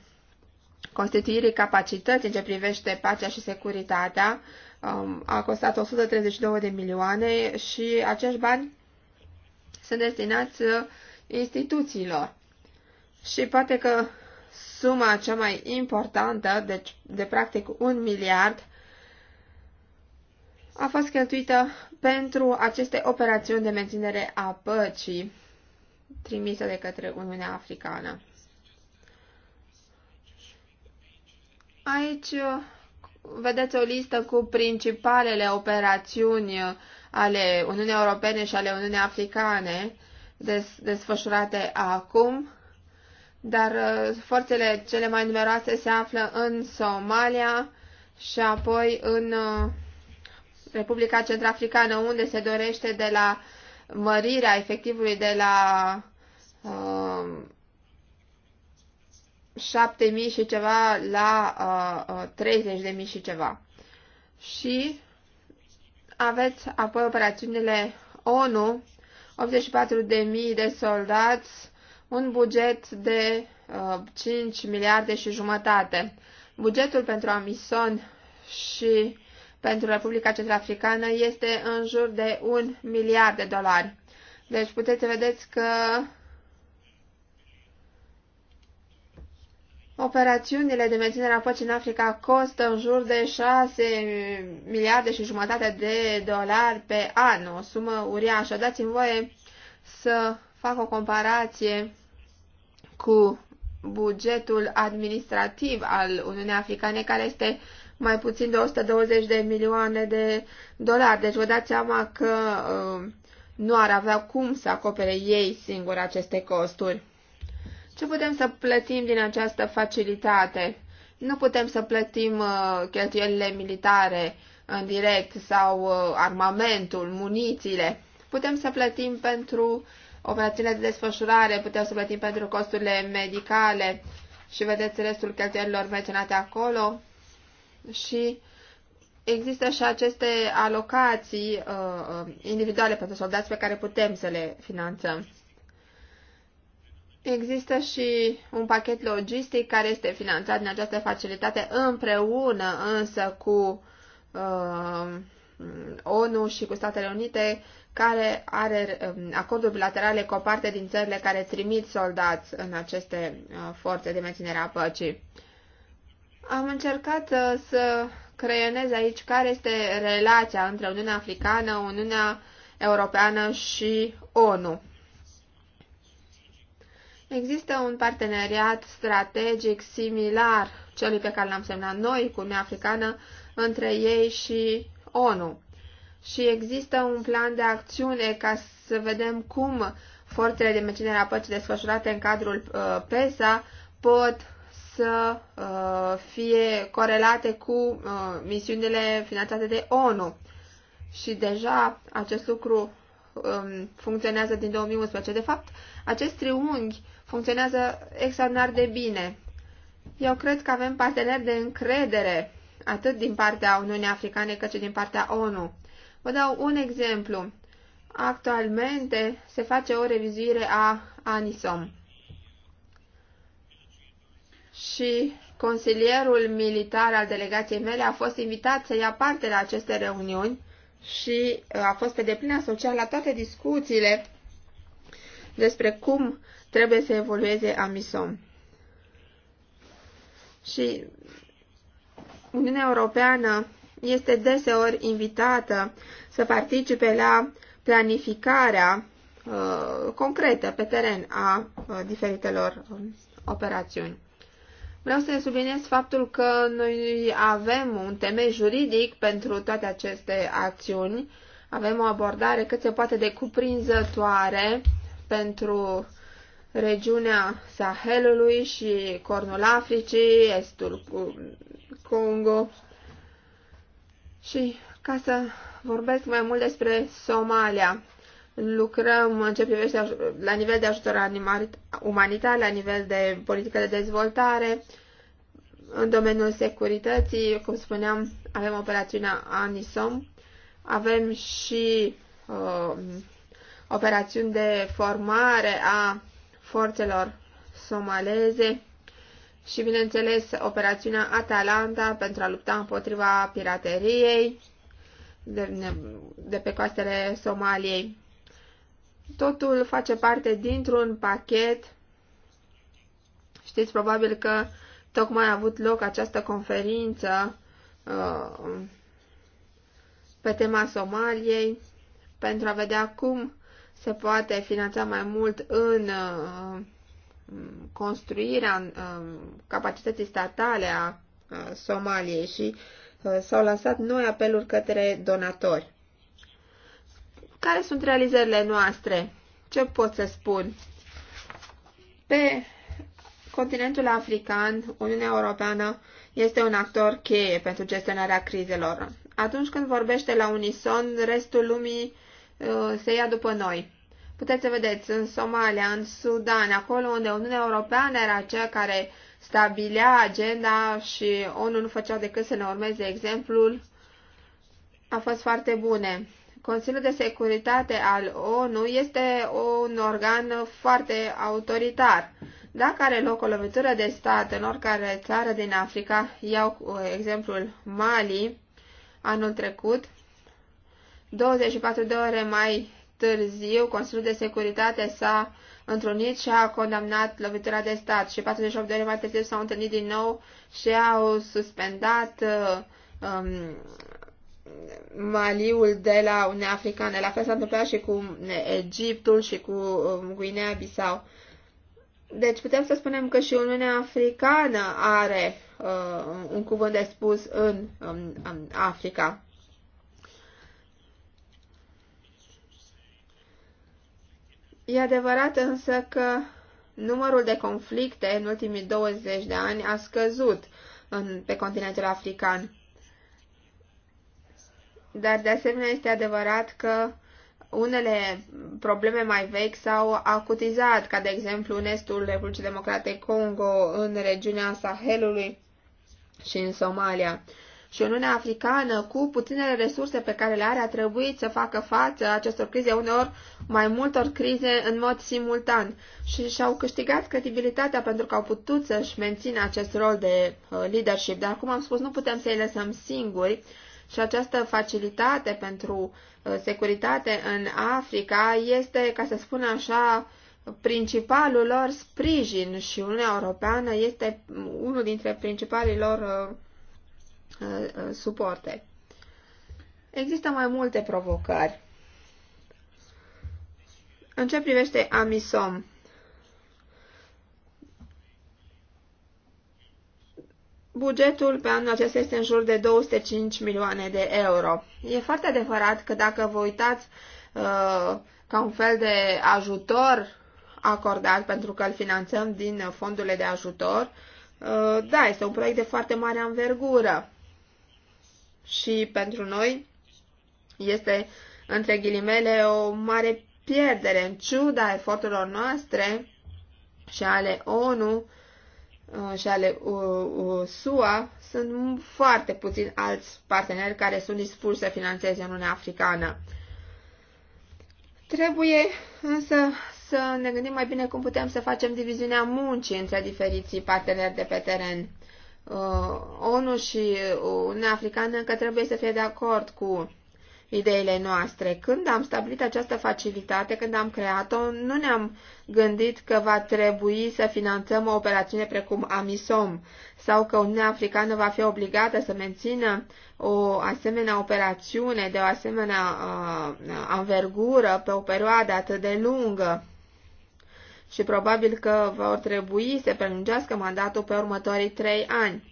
Speaker 3: constituirii capacității ce privește pacea și securitatea um, a costat 132 de milioane și acești bani sunt destinați uh, instituțiilor. Și poate că suma cea mai importantă, deci de practic un miliard, a fost cheltuită pentru aceste operațiuni de menținere a păcii trimise de către Uniunea Africană. Aici uh, vedeți o listă cu principalele operațiuni uh, ale Uniunii Europene și ale Uniunii Africane des- desfășurate acum, dar uh, forțele cele mai numeroase se află în Somalia și apoi în Republica Centrafricană, unde se dorește de la mărirea efectivului de la uh, 7.000 și ceva la uh, 30.000 uh, și ceva. Și aveți apoi operațiunile ONU, 84.000 de soldați, un buget de uh, 5 miliarde și jumătate. Bugetul pentru Amison și pentru Republica Centrafricană este în jur de un miliard de dolari. Deci puteți vedeți că Operațiunile de menținere a păcii în Africa costă în jur de 6 miliarde și jumătate de dolari pe an, o sumă uriașă. Dați-mi voie să fac o comparație cu bugetul administrativ al Uniunii Africane, care este mai puțin de 120 de milioane de dolari. Deci vă dați seama că uh, nu ar avea cum să acopere ei singuri aceste costuri. Ce putem să plătim din această facilitate? Nu putem să plătim uh, cheltuielile militare în direct sau uh, armamentul, munițiile. Putem să plătim pentru operațiunile de desfășurare, putem să plătim pentru costurile medicale și vedeți restul cheltuielilor menționate acolo. Și există și aceste alocații uh, uh individuale pentru soldați pe care putem să le finanțăm. Există și un pachet logistic care este finanțat din această facilitate împreună însă cu uh, ONU și cu Statele Unite, care are um, acorduri bilaterale cu o parte din țările care trimit soldați în aceste uh, forțe de menținere a păcii. Am încercat uh, să creionez aici care este relația între Uniunea Africană, Uniunea Europeană și ONU. Există un parteneriat strategic similar celui pe care l-am semnat noi cu Uniunea Africană între ei și ONU. Și există un plan de acțiune ca să vedem cum forțele de menținere a păcii desfășurate în cadrul uh, PESA pot să uh, fie corelate cu uh, misiunile finanțate de ONU. Și deja acest lucru um, funcționează din 2011. De fapt, acest triunghi funcționează extraordinar de bine. Eu cred că avem parteneri de încredere, atât din partea Uniunii Africane, cât și din partea ONU. Vă dau un exemplu. Actualmente se face o revizuire a ANISOM. Și consilierul militar al delegației mele a fost invitat să ia parte la aceste reuniuni și uh, a fost pe deplin asociat la toate discuțiile despre cum trebuie să evolueze AMISOM. Și Uniunea Europeană este deseori invitată să participe la planificarea uh, concretă pe teren a uh, diferitelor uh, operațiuni. Vreau să subliniez faptul că noi avem un temei juridic pentru toate aceste acțiuni, avem o abordare cât se poate de cuprinzătoare pentru regiunea Sahelului și Cornul Africii, estul Congo. Și ca să vorbesc mai mult despre Somalia, lucrăm în ce privește la nivel de ajutor umanitar, la nivel de politică de dezvoltare, în domeniul securității, cum spuneam, avem operațiunea ANISOM, avem și uh, operațiuni de formare a forțelor somaleze și, bineînțeles, operațiunea Atalanta pentru a lupta împotriva pirateriei de, de pe coastele Somaliei. Totul face parte dintr-un pachet. Știți probabil că tocmai a avut loc această conferință uh, pe tema Somaliei pentru a vedea cum se poate finanța mai mult în uh, construirea uh, capacității statale a uh, Somaliei și s-au lansat noi apeluri către donatori. Care sunt realizările noastre? Ce pot să spun? Pe continentul african, Uniunea Europeană este un actor cheie pentru gestionarea crizelor. Atunci când vorbește la unison, restul lumii uh, Uh, se ia după noi. Puteți să vedeți, în Somalia, în Sudan, acolo unde Uniunea Europeană era cea care stabilea agenda și ONU nu făcea decât să ne urmeze exemplul, a fost foarte bune. Consiliul de Securitate al ONU este un organ foarte autoritar. Dacă are loc o lovitură de stat în oricare țară din Africa, iau uh, exemplul Mali anul trecut, 24 de ore mai târziu, Consiliul de Securitate s-a întrunit și a condamnat lovitura de stat și 48 de ore mai târziu s-au întâlnit din nou și au suspendat um, Maliul de la Uniunea Africană. La fel s-a întâmplat și cu Egiptul și cu um, Guinea-Bissau. Deci putem să spunem că și Uniunea Africană are uh, un cuvânt de spus în um, Africa. E adevărat însă că numărul de conflicte în ultimii 20 de ani a scăzut în, pe continentul african. Dar de asemenea este adevărat că unele probleme mai vechi s-au acutizat, ca de exemplu în estul Republicii Democrate Congo, în regiunea Sahelului și în Somalia și Uniunea Africană, cu puținele resurse pe care le are, a trebuit să facă față acestor crize, uneori mai multor crize în mod simultan. Și și-au câștigat credibilitatea pentru că au putut să-și mențină acest rol de uh, leadership. Dar, cum am spus, nu putem să-i lăsăm singuri. Și această facilitate pentru uh, securitate în Africa este, ca să spun așa, principalul lor sprijin și Uniunea Europeană este unul dintre principalii lor uh, Uh, uh, suporte. Există mai multe provocări. În ce privește Amisom? Bugetul pe anul acesta este în jur de 205 milioane de euro. E foarte adevărat că dacă vă uitați uh, ca un fel de ajutor acordat, pentru că îl finanțăm din fondurile de ajutor, uh, da, este un proiect de foarte mare anvergură și pentru noi este, între ghilimele, o mare pierdere în ciuda eforturilor noastre și ale ONU uh, și ale uh, uh, SUA sunt foarte puțini alți parteneri care sunt dispuși să financeze Uniunea Africană. Trebuie însă să ne gândim mai bine cum putem să facem diviziunea muncii între diferiții parteneri de pe teren. Uh, ONU și Uniunea Africană că trebuie să fie de acord cu ideile noastre. Când am stabilit această facilitate, când am creat-o, nu ne-am gândit că va trebui să finanțăm o operațiune precum Amisom sau că Uniunea Africană va fi obligată să mențină o asemenea operațiune de o asemenea uh, uh anvergură pe o perioadă atât de lungă și probabil că vor trebui să prelungească mandatul pe următorii trei ani.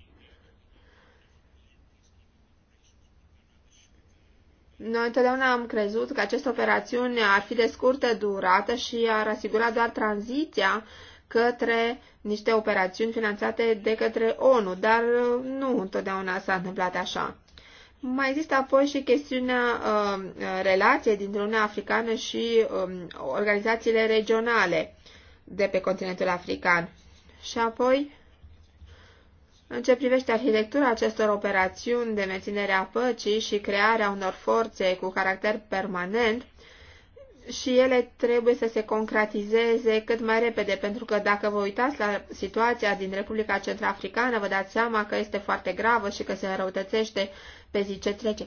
Speaker 3: Noi întotdeauna am crezut că această operațiune ar fi de scurtă durată și ar asigura doar tranziția către niște operațiuni finanțate de către ONU, dar uh, nu întotdeauna s-a întâmplat așa. Mai există apoi și chestiunea uh, relației dintre Uniunea Africană și um, organizațiile regionale de pe continentul african. Și apoi, în ce privește arhitectura acestor operațiuni de menținere a păcii și crearea unor forțe cu caracter permanent, și ele trebuie să se concretizeze cât mai repede, pentru că dacă vă uitați la situația din Republica Centrafricană, vă dați seama că este foarte gravă și că se înrăutățește pe zi ce trece.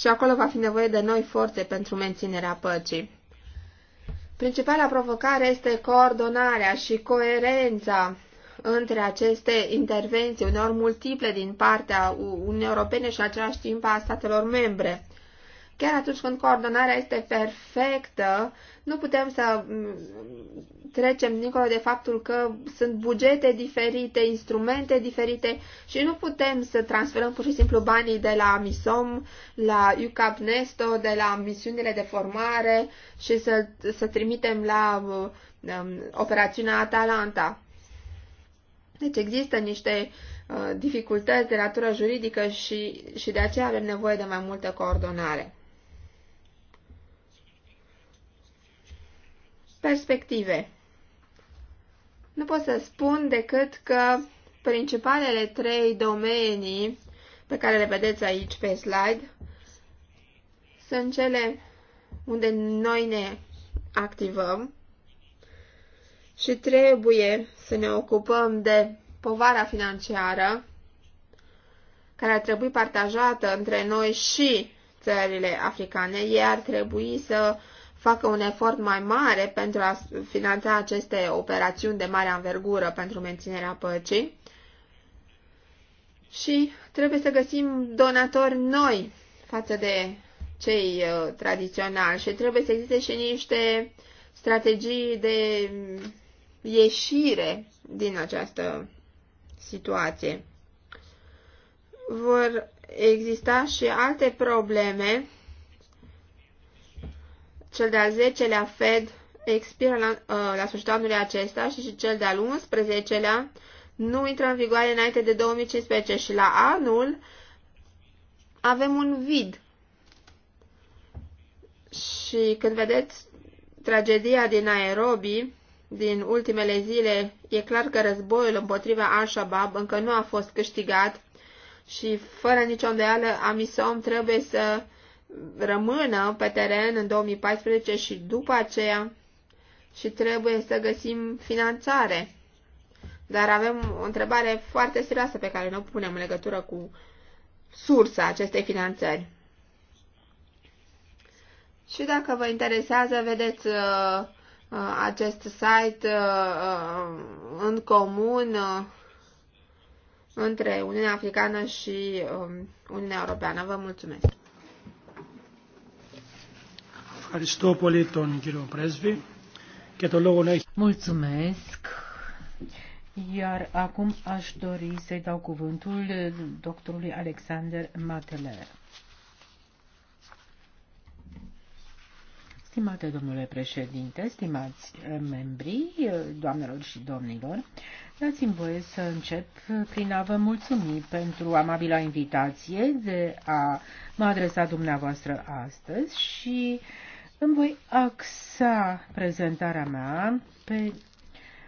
Speaker 3: și acolo va fi nevoie de noi forțe pentru menținerea păcii. Principala provocare este coordonarea și coerența între aceste intervenții, uneori multiple din partea Uniunii Europene și în același timp a statelor membre. Chiar atunci când coordonarea este perfectă, nu putem să mm, trecem dincolo de faptul că sunt bugete diferite, instrumente diferite și nu putem să transferăm pur și simplu banii de la MISOM, la UCAP Nesto, de la misiunile de formare și să, să trimitem la um, operațiunea Atalanta. Deci există niște uh, dificultăți de natură juridică și, și de aceea avem nevoie de mai multă coordonare. perspective. Nu pot să spun decât că principalele trei domenii pe care le vedeți aici pe slide sunt cele unde noi ne activăm și trebuie să ne ocupăm de povara financiară care ar trebui partajată între noi și țările africane. Ei ar trebui să facă un efort mai mare pentru a finanța aceste operațiuni de mare anvergură pentru menținerea păcii și trebuie să găsim donatori noi față de cei uh, tradiționali și trebuie să existe și niște strategii de ieșire din această situație. Vor exista și alte probleme cel de-al 10-lea FED expiră la, uh, la sfârșitul anului acesta și cel de-al 11-lea nu intră în vigoare înainte de 2015 și la anul avem un vid. Și când vedeți tragedia din Nairobi, din ultimele zile, e clar că războiul împotriva Al-Shabaab încă nu a fost câștigat și, fără nicio îndoială, Amisom trebuie să rămână pe teren în 2014 și după aceea și trebuie să găsim finanțare. Dar avem o întrebare foarte serioasă pe care ne o punem în legătură cu sursa acestei finanțări. Și dacă vă interesează, vedeți uh, uh acest site uh, uh, în comun uh, între Uniunea Africană și um, Uniunea Europeană. Vă mulțumesc!
Speaker 1: τον κύριο Πρέσβη και το λόγο να έχει. Mulțumesc. Iar acum aș dori să-i dau cuvântul doctorului Alexander Mateler. Stimate domnule președinte, stimați membri, doamnelor și domnilor, dați-mi voie să încep prin a vă mulțumi pentru amabila invitație de a mă adresa dumneavoastră astăzi și uh, îmi voi axa prezentarea mea pe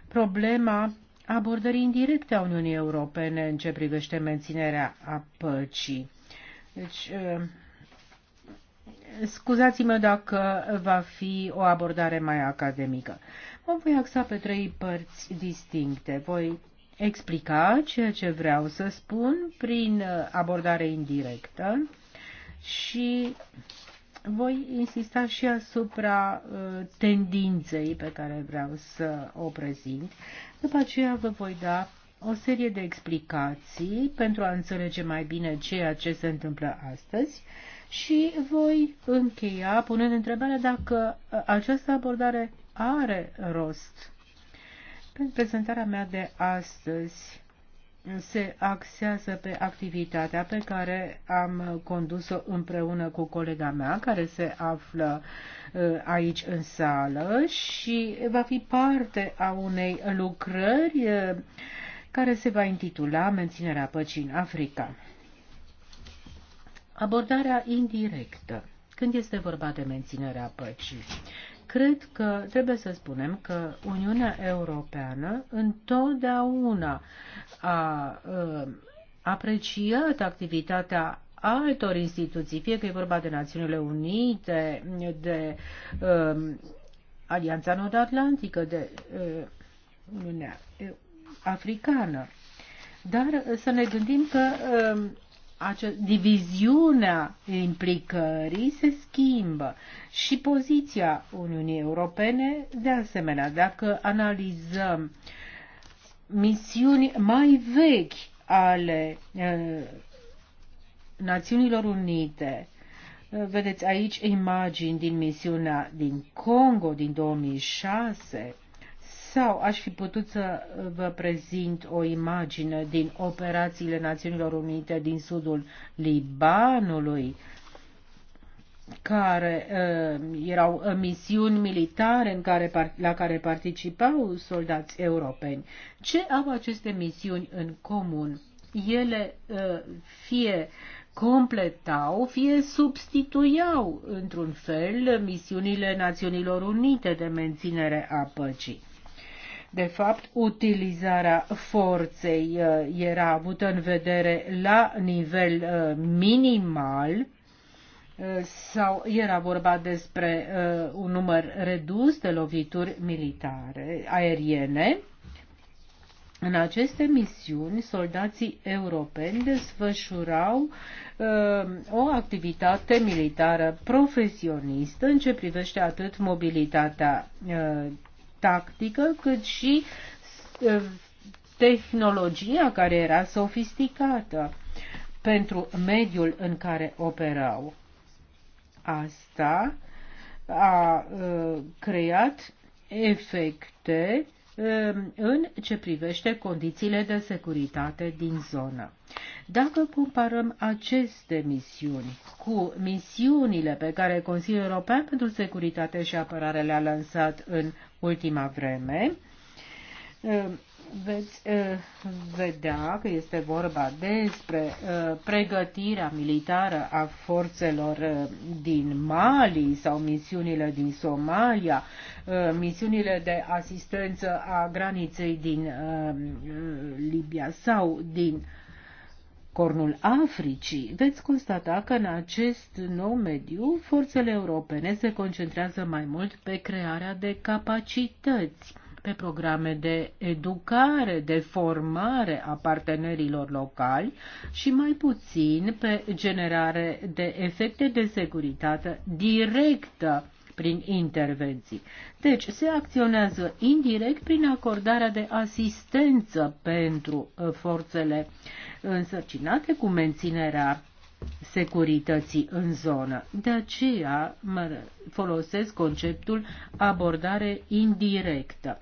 Speaker 1: problema abordării indirecte a Uniunii Europene în ce privește menținerea a păcii. Deci, eh, scuzați-mă dacă va fi o abordare mai academică. Mă voi axa pe trei părți distincte. Voi explica ceea ce vreau să spun prin abordare indirectă și voi insista și asupra uh, tendinței pe care vreau să o prezint. După aceea vă voi da o serie de explicații pentru a înțelege mai bine ceea ce se întâmplă astăzi și voi încheia punând întrebarea dacă uh, această abordare are rost. Pentru prezentarea mea de astăzi se axează pe activitatea pe care am condus-o împreună cu colega mea, care se află uh, aici în sală și va fi parte a unei lucrări uh, care se va intitula Menținerea păcii în Africa. Abordarea indirectă. Când este vorba de menținerea păcii? Cred că trebuie să spunem că Uniunea Europeană întotdeauna a a ă, apreciat activitatea altor instituții, fie că e vorba de Națiunile Unite, de a, ă, Alianța Nord-Atlantică, de ă, Uniunea Africană. Dar să ne gândim că diviziunea implicării se schimbă și poziția Uniunii Europene de asemenea. Dacă analizăm misiuni mai vechi ale Națiunilor Unite, vedeți aici imagini din misiunea din Congo din 2006, sau aș fi putut să vă prezint o imagine din operațiile Națiunilor Unite din sudul Libanului, care uh, erau uh, misiuni militare în care, la care participau soldați europeni. Ce au aceste misiuni în comun? Ele uh, fie completau, fie substituiau, într-un fel, misiunile Națiunilor Unite de menținere a păcii. De fapt, utilizarea forței uh, era avută în vedere la nivel uh, minimal uh, sau era vorba despre un număr redus de lovituri militare aeriene. În aceste misiuni, soldații europeni desfășurau uh, o activitate militară profesionistă în ce privește atât mobilitatea uh, tactică, cât și tehnologia care era sofisticată pentru mediul în care operau. Asta a creat efecte în ce privește condițiile de securitate din zonă. Dacă comparăm aceste misiuni cu misiunile pe care Consiliul European pentru Securitate și Apărare le-a lansat în ultima vreme, uh, veți uh, vedea că este vorba despre uh, pregătirea militară a forțelor din Mali sau misiunile din Somalia, misiunile de asistență a graniței din Libia sau din cornul Africii, veți constata că în acest nou mediu forțele europene se concentrează mai mult pe crearea de capacități, pe programe de educare, de formare a partenerilor locali și mai puțin pe generare de efecte de securitate directă prin intervenții. Deci se acționează indirect prin acordarea de asistență pentru uh, forțele însărcinate cu menținerea securității în zonă. De aceea mă folosesc conceptul abordare indirectă.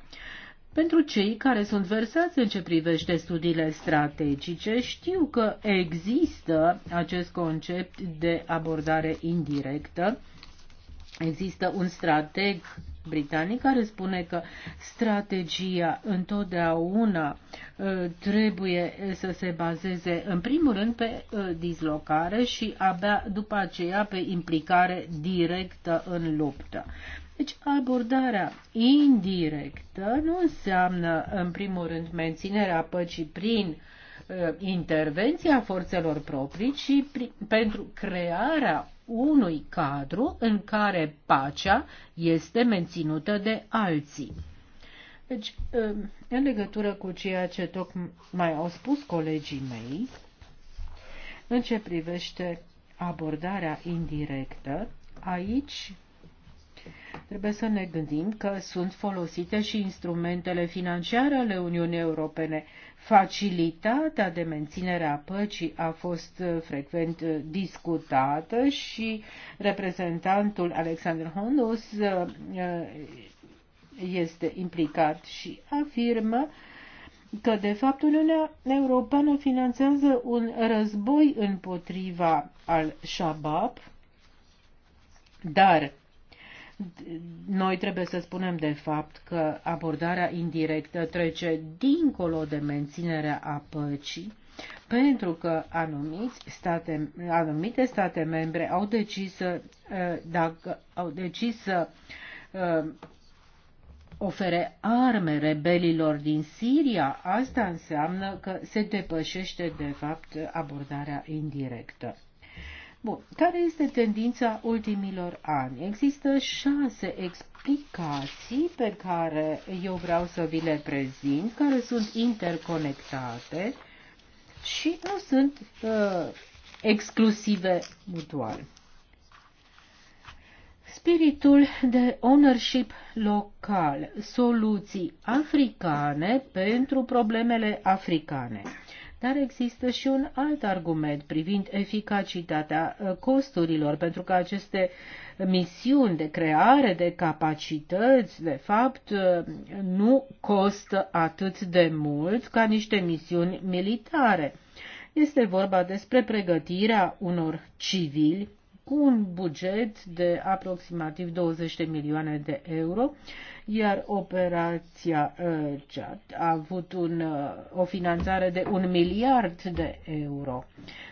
Speaker 1: Pentru cei care sunt versați în ce privește studiile strategice, știu că există acest concept de abordare indirectă Există un strateg britanic care spune că strategia întotdeauna uh, trebuie să se bazeze în primul rând pe uh, dislocare și abia după aceea pe implicare directă în luptă. Deci abordarea indirectă nu înseamnă în primul rând menținerea păcii prin uh, intervenția forțelor proprii, ci prin, pentru crearea unui cadru în care pacea este menținută de alții. Deci, um, în legătură cu ceea ce tocmai au spus colegii mei, în ce privește abordarea indirectă, aici Trebuie să ne gândim că sunt folosite și instrumentele financiare ale Uniunii Europene. Facilitatea de menținere a păcii a fost uh, frecvent uh, discutată și reprezentantul Alexander Honus uh, este implicat și afirmă că, de fapt, Uniunea Europeană finanțează un război împotriva al Shabab, dar noi trebuie să spunem de fapt că abordarea indirectă trece dincolo de menținerea a păcii, pentru că anumiți state, anumite state membre au decis să, eh, dacă, au decis să eh, ofere arme rebelilor din Siria, asta înseamnă că se depășește de fapt abordarea indirectă. Bun. Care este tendința ultimilor ani? Există șase explicații pe care eu vreau să vi le prezint, care sunt interconectate și nu sunt uh, exclusive mutual. Spiritul de ownership local, soluții africane pentru problemele africane. Dar există și un alt argument privind eficacitatea uh, costurilor, pentru că aceste misiuni de creare de capacități, de fapt, uh, nu costă atât de mult ca niște misiuni militare. Este vorba despre pregătirea unor civili cu un buget de aproximativ 20 de milioane de euro, iar operația uh, CEAT a avut un, uh, o finanțare de un miliard de euro.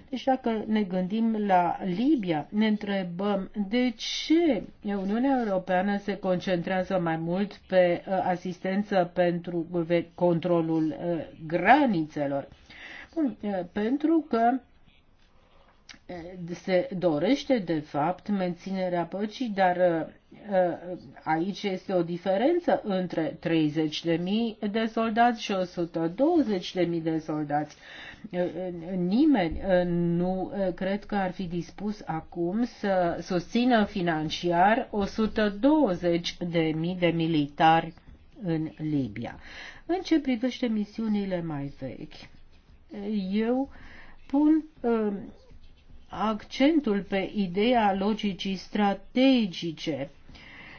Speaker 1: Deci dacă ne gândim la Libia, ne întrebăm de ce Uniunea Europeană se concentrează mai mult pe uh, asistență pentru controlul granițelor. Bun, pentru că se dorește, de fapt, menținerea păcii, dar uh, uh, aici este o diferență între 30.000 de soldați și 120.000 de soldați. Uh, nimeni nu cred că ar fi dispus acum să susțină financiar 120.000 de militari în Libia. În ce privește misiunile mai vechi, eu pun accentul pe ideea logicii strategice.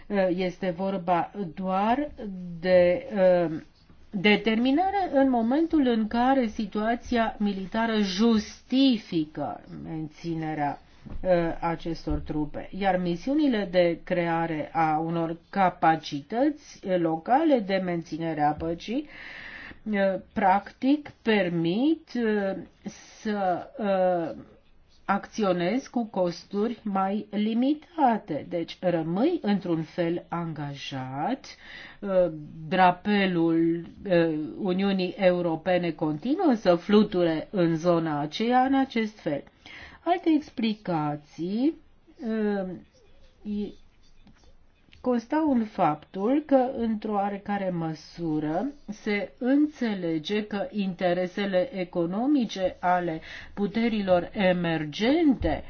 Speaker 1: Uh, este vorba doar de uh, determinare în momentul în care situația militară justifică menținerea uh, acestor trupe, iar misiunile de creare a unor capacități locale de menținere a păcii practic permit să acționezi cu costuri mai limitate. Deci rămâi într-un fel angajat, uh, drapelul uh, Uniunii Europene continuă să fluture în zona aceea în acest fel. Alte explicații uh, constau în faptul că, într-o oarecare măsură, se înțelege că interesele economice ale puterilor emergente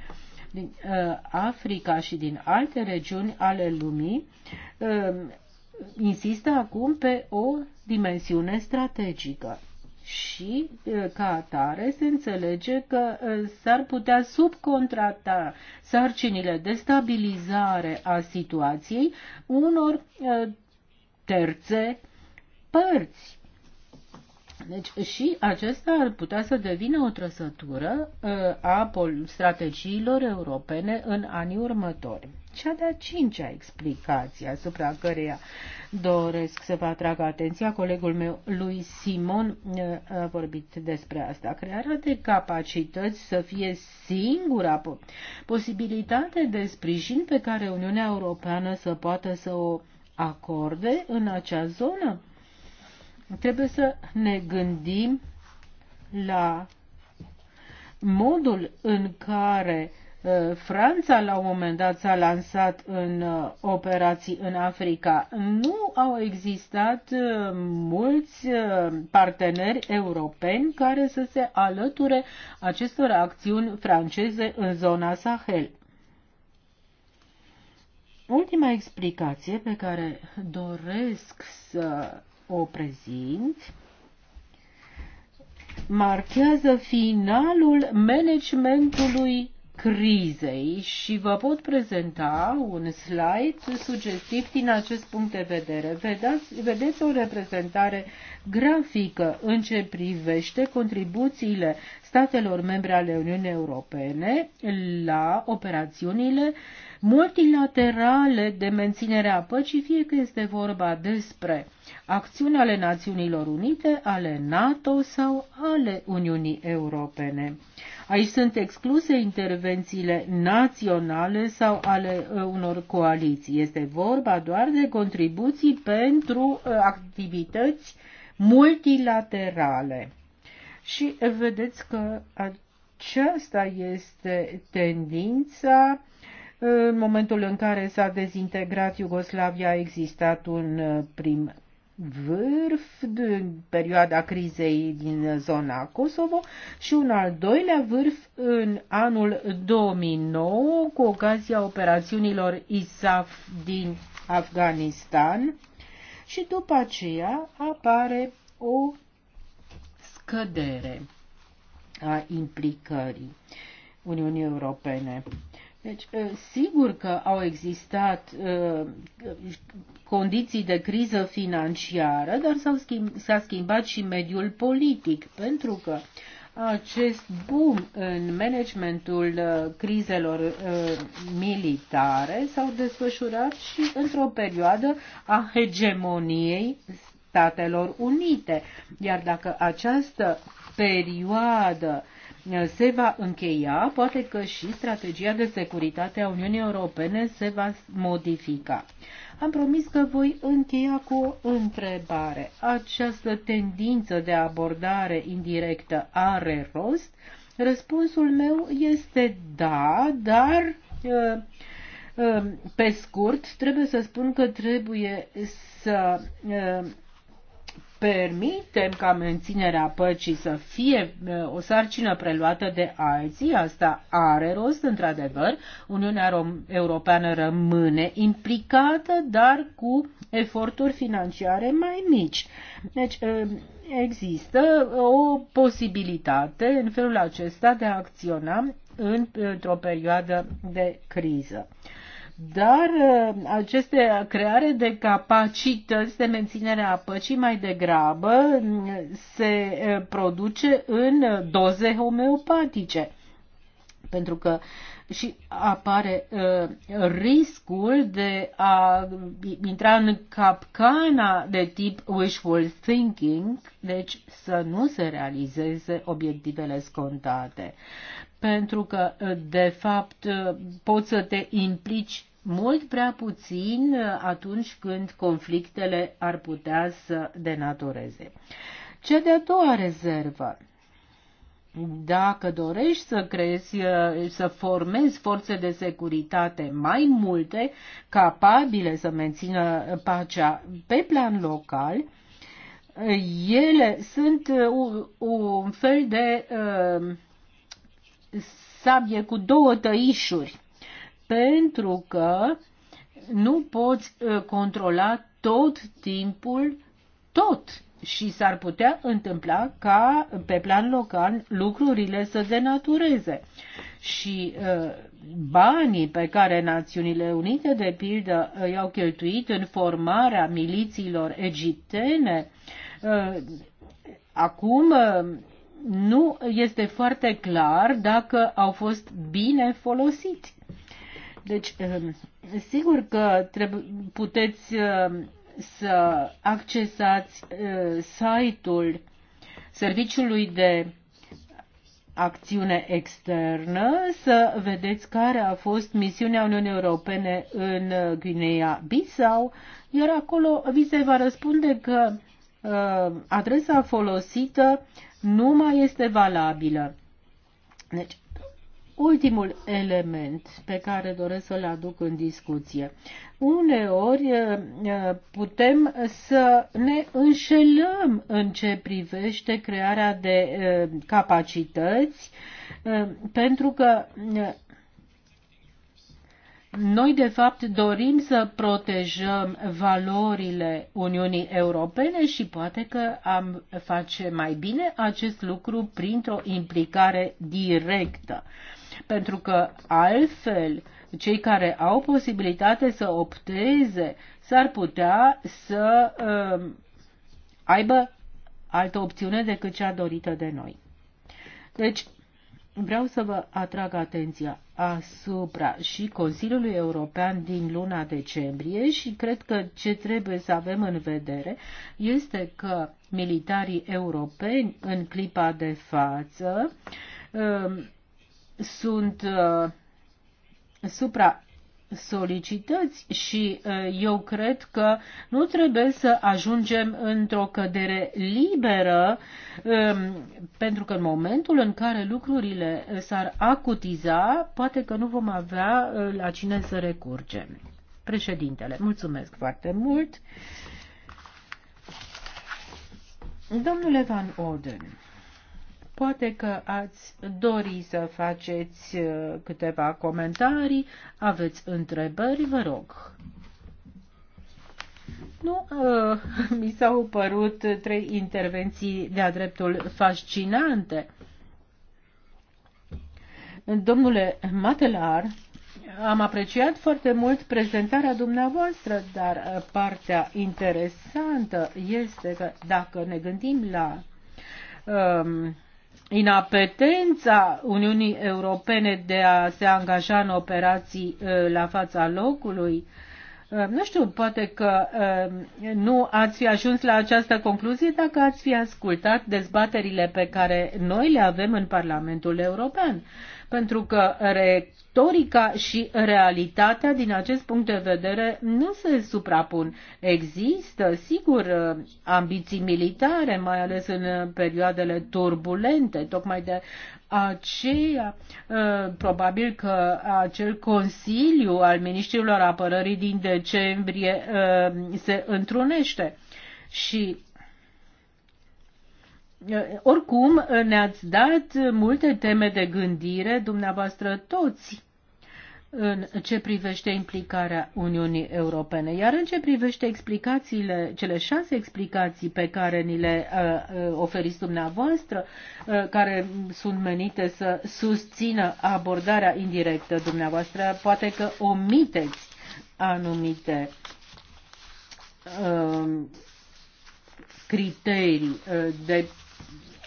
Speaker 1: din uh, Africa și din alte regiuni ale lumii uh, insistă acum pe o dimensiune strategică și ca atare se înțelege că s-ar putea subcontrata sarcinile de stabilizare a situației unor terțe părți deci și acesta ar putea să devină o trăsătură uh, a strategiilor europene în anii următori. Cea de-a cincea explicație asupra căreia doresc să vă atrag atenția, colegul meu lui Simon uh, a vorbit despre asta. Crearea de capacități să fie singura posibilitate de sprijin pe care Uniunea Europeană să poată să o acorde în acea zonă trebuie să ne gândim la modul în care uh, Franța la un moment dat s-a lansat în uh, operații în Africa. Nu au existat uh, mulți parteneri europeni care să se alăture acestor acțiuni franceze în zona Sahel. Ultima explicație pe care doresc să o prezint marchează finalul managementului crizei și vă pot prezenta un slide sugestiv din acest punct de vedere. Vedeți, vedeți o reprezentare grafică în ce privește contribuțiile statelor membre ale Uniunii Europene la operațiunile multilaterale de menținere a păcii, fie că este vorba despre acțiuni ale Națiunilor Unite, ale NATO sau ale Uniunii Europene. Aici sunt excluse intervențiile naționale sau ale uh, unor coaliții. Este vorba doar de contribuții pentru uh, activități multilaterale. Și vedeți că aceasta este tendința în momentul în care s-a dezintegrat Iugoslavia a existat un uh, prim vârf din perioada crizei din zona Kosovo și un al doilea vârf în anul 2009 cu ocazia operațiunilor ISAF din Afganistan și după aceea apare o scădere a implicării Uniunii Europene deci, uh, sigur că au existat uh, condiții de criză financiară, dar s-a schimb, schimbat și mediul politic, pentru că acest boom în managementul uh, crizelor uh, militare s-au desfășurat și într-o perioadă a hegemoniei Statelor Unite. Iar dacă această perioadă uh, se va încheia, poate că și strategia de securitate a Uniunii Europene se va modifica. Am promis că voi încheia cu o întrebare. Această tendință de abordare indirectă are rost? Răspunsul meu este da, dar ă, ă, pe scurt trebuie să spun că trebuie să ă, permitem ca menținerea păcii să fie o sarcină preluată de alții, asta are rost, într-adevăr. Uniunea Europeană rămâne implicată, dar cu eforturi financiare mai mici. Deci există o posibilitate în felul acesta de a acționa într-o perioadă de criză dar ă, aceste creare de capacități de menținere a păcii mai degrabă ă, se ă, produce în doze homeopatice pentru că și apare uh, riscul de a intra în capcana de tip wishful thinking, deci să nu se realizeze obiectivele scontate. Pentru că, de fapt, poți să te implici mult prea puțin atunci când conflictele ar putea să denatoreze. Ce de-a doua rezervă. Dacă dorești să crezi, să formezi forțe de securitate mai multe, capabile să mențină pacea pe plan local, ele sunt un fel de uh, sabie cu două tăișuri pentru că nu poți uh, controla tot timpul tot și s-ar putea întâmpla ca pe plan local lucrurile să denatureze. Și uh, banii pe care Națiunile Unite, de pildă, uh, i-au cheltuit în formarea milițiilor egiptene, acum nu este foarte clar dacă au fost bine folosiți. Deci, ehm, sigur că puteți ehm, să accesați ehm, site-ul Serviciului de acțiune externă, să vedeți care a fost misiunea Uniunii Europene în Guinea Bissau, iar acolo vi se va răspunde că adresa folosită nu mai este valabilă. Deci ultimul element pe care doresc să-l aduc în discuție. Uneori eh, eh, putem să ne înșelăm în ce privește crearea de eh, capacități, pentru că noi, de fapt, dorim să protejăm valorile Uniunii Europene și poate că am face mai bine acest lucru printr-o implicare directă. Uh, pentru că altfel cei care au posibilitate să opteze s-ar putea să uh, aibă altă opțiune decât cea dorită de noi. Deci, vreau să vă atrag atenția asupra și Consiliului European din luna decembrie și cred că ce trebuie să avem în vedere este că militarii europeni în clipa de față uh, sunt uh, supra solicități și uh, eu cred că nu trebuie să ajungem într-o cădere liberă, um, pentru că în momentul în care lucrurile s-ar acutiza, poate că nu vom avea uh, la cine să recurgem. Președintele, mulțumesc foarte mult. Domnule Van Orden, Poate că ați dori să faceți uh, câteva comentarii, aveți întrebări, vă rog. Nu, uh, *laughs* mi s-au părut trei intervenții de-a dreptul fascinante. Domnule Matelar, am apreciat foarte mult prezentarea dumneavoastră, dar uh, partea interesantă este că dacă ne gândim la um, inapetența Uniunii Europene de a se angaja în operații uh, la fața locului. Uh, nu știu, poate că uh, nu ați fi ajuns la această concluzie dacă ați fi ascultat dezbaterile pe care noi le avem în Parlamentul European pentru că retorica și realitatea din acest punct de vedere nu se suprapun. Există, sigur, ambiții militare, mai ales în perioadele turbulente, tocmai de aceea, probabil că acel Consiliu al Ministrilor Apărării din decembrie eh, se întrunește. Și Eh, oricum, eh, ne-ați dat multe teme de gândire, dumneavoastră toți, în ce privește implicarea Uniunii Europene. Iar în ce privește explicațiile, cele șase explicații pe care ni le eh, oferiți dumneavoastră, care sunt menite să susțină abordarea indirectă dumneavoastră, poate că omiteți anumite criterii. De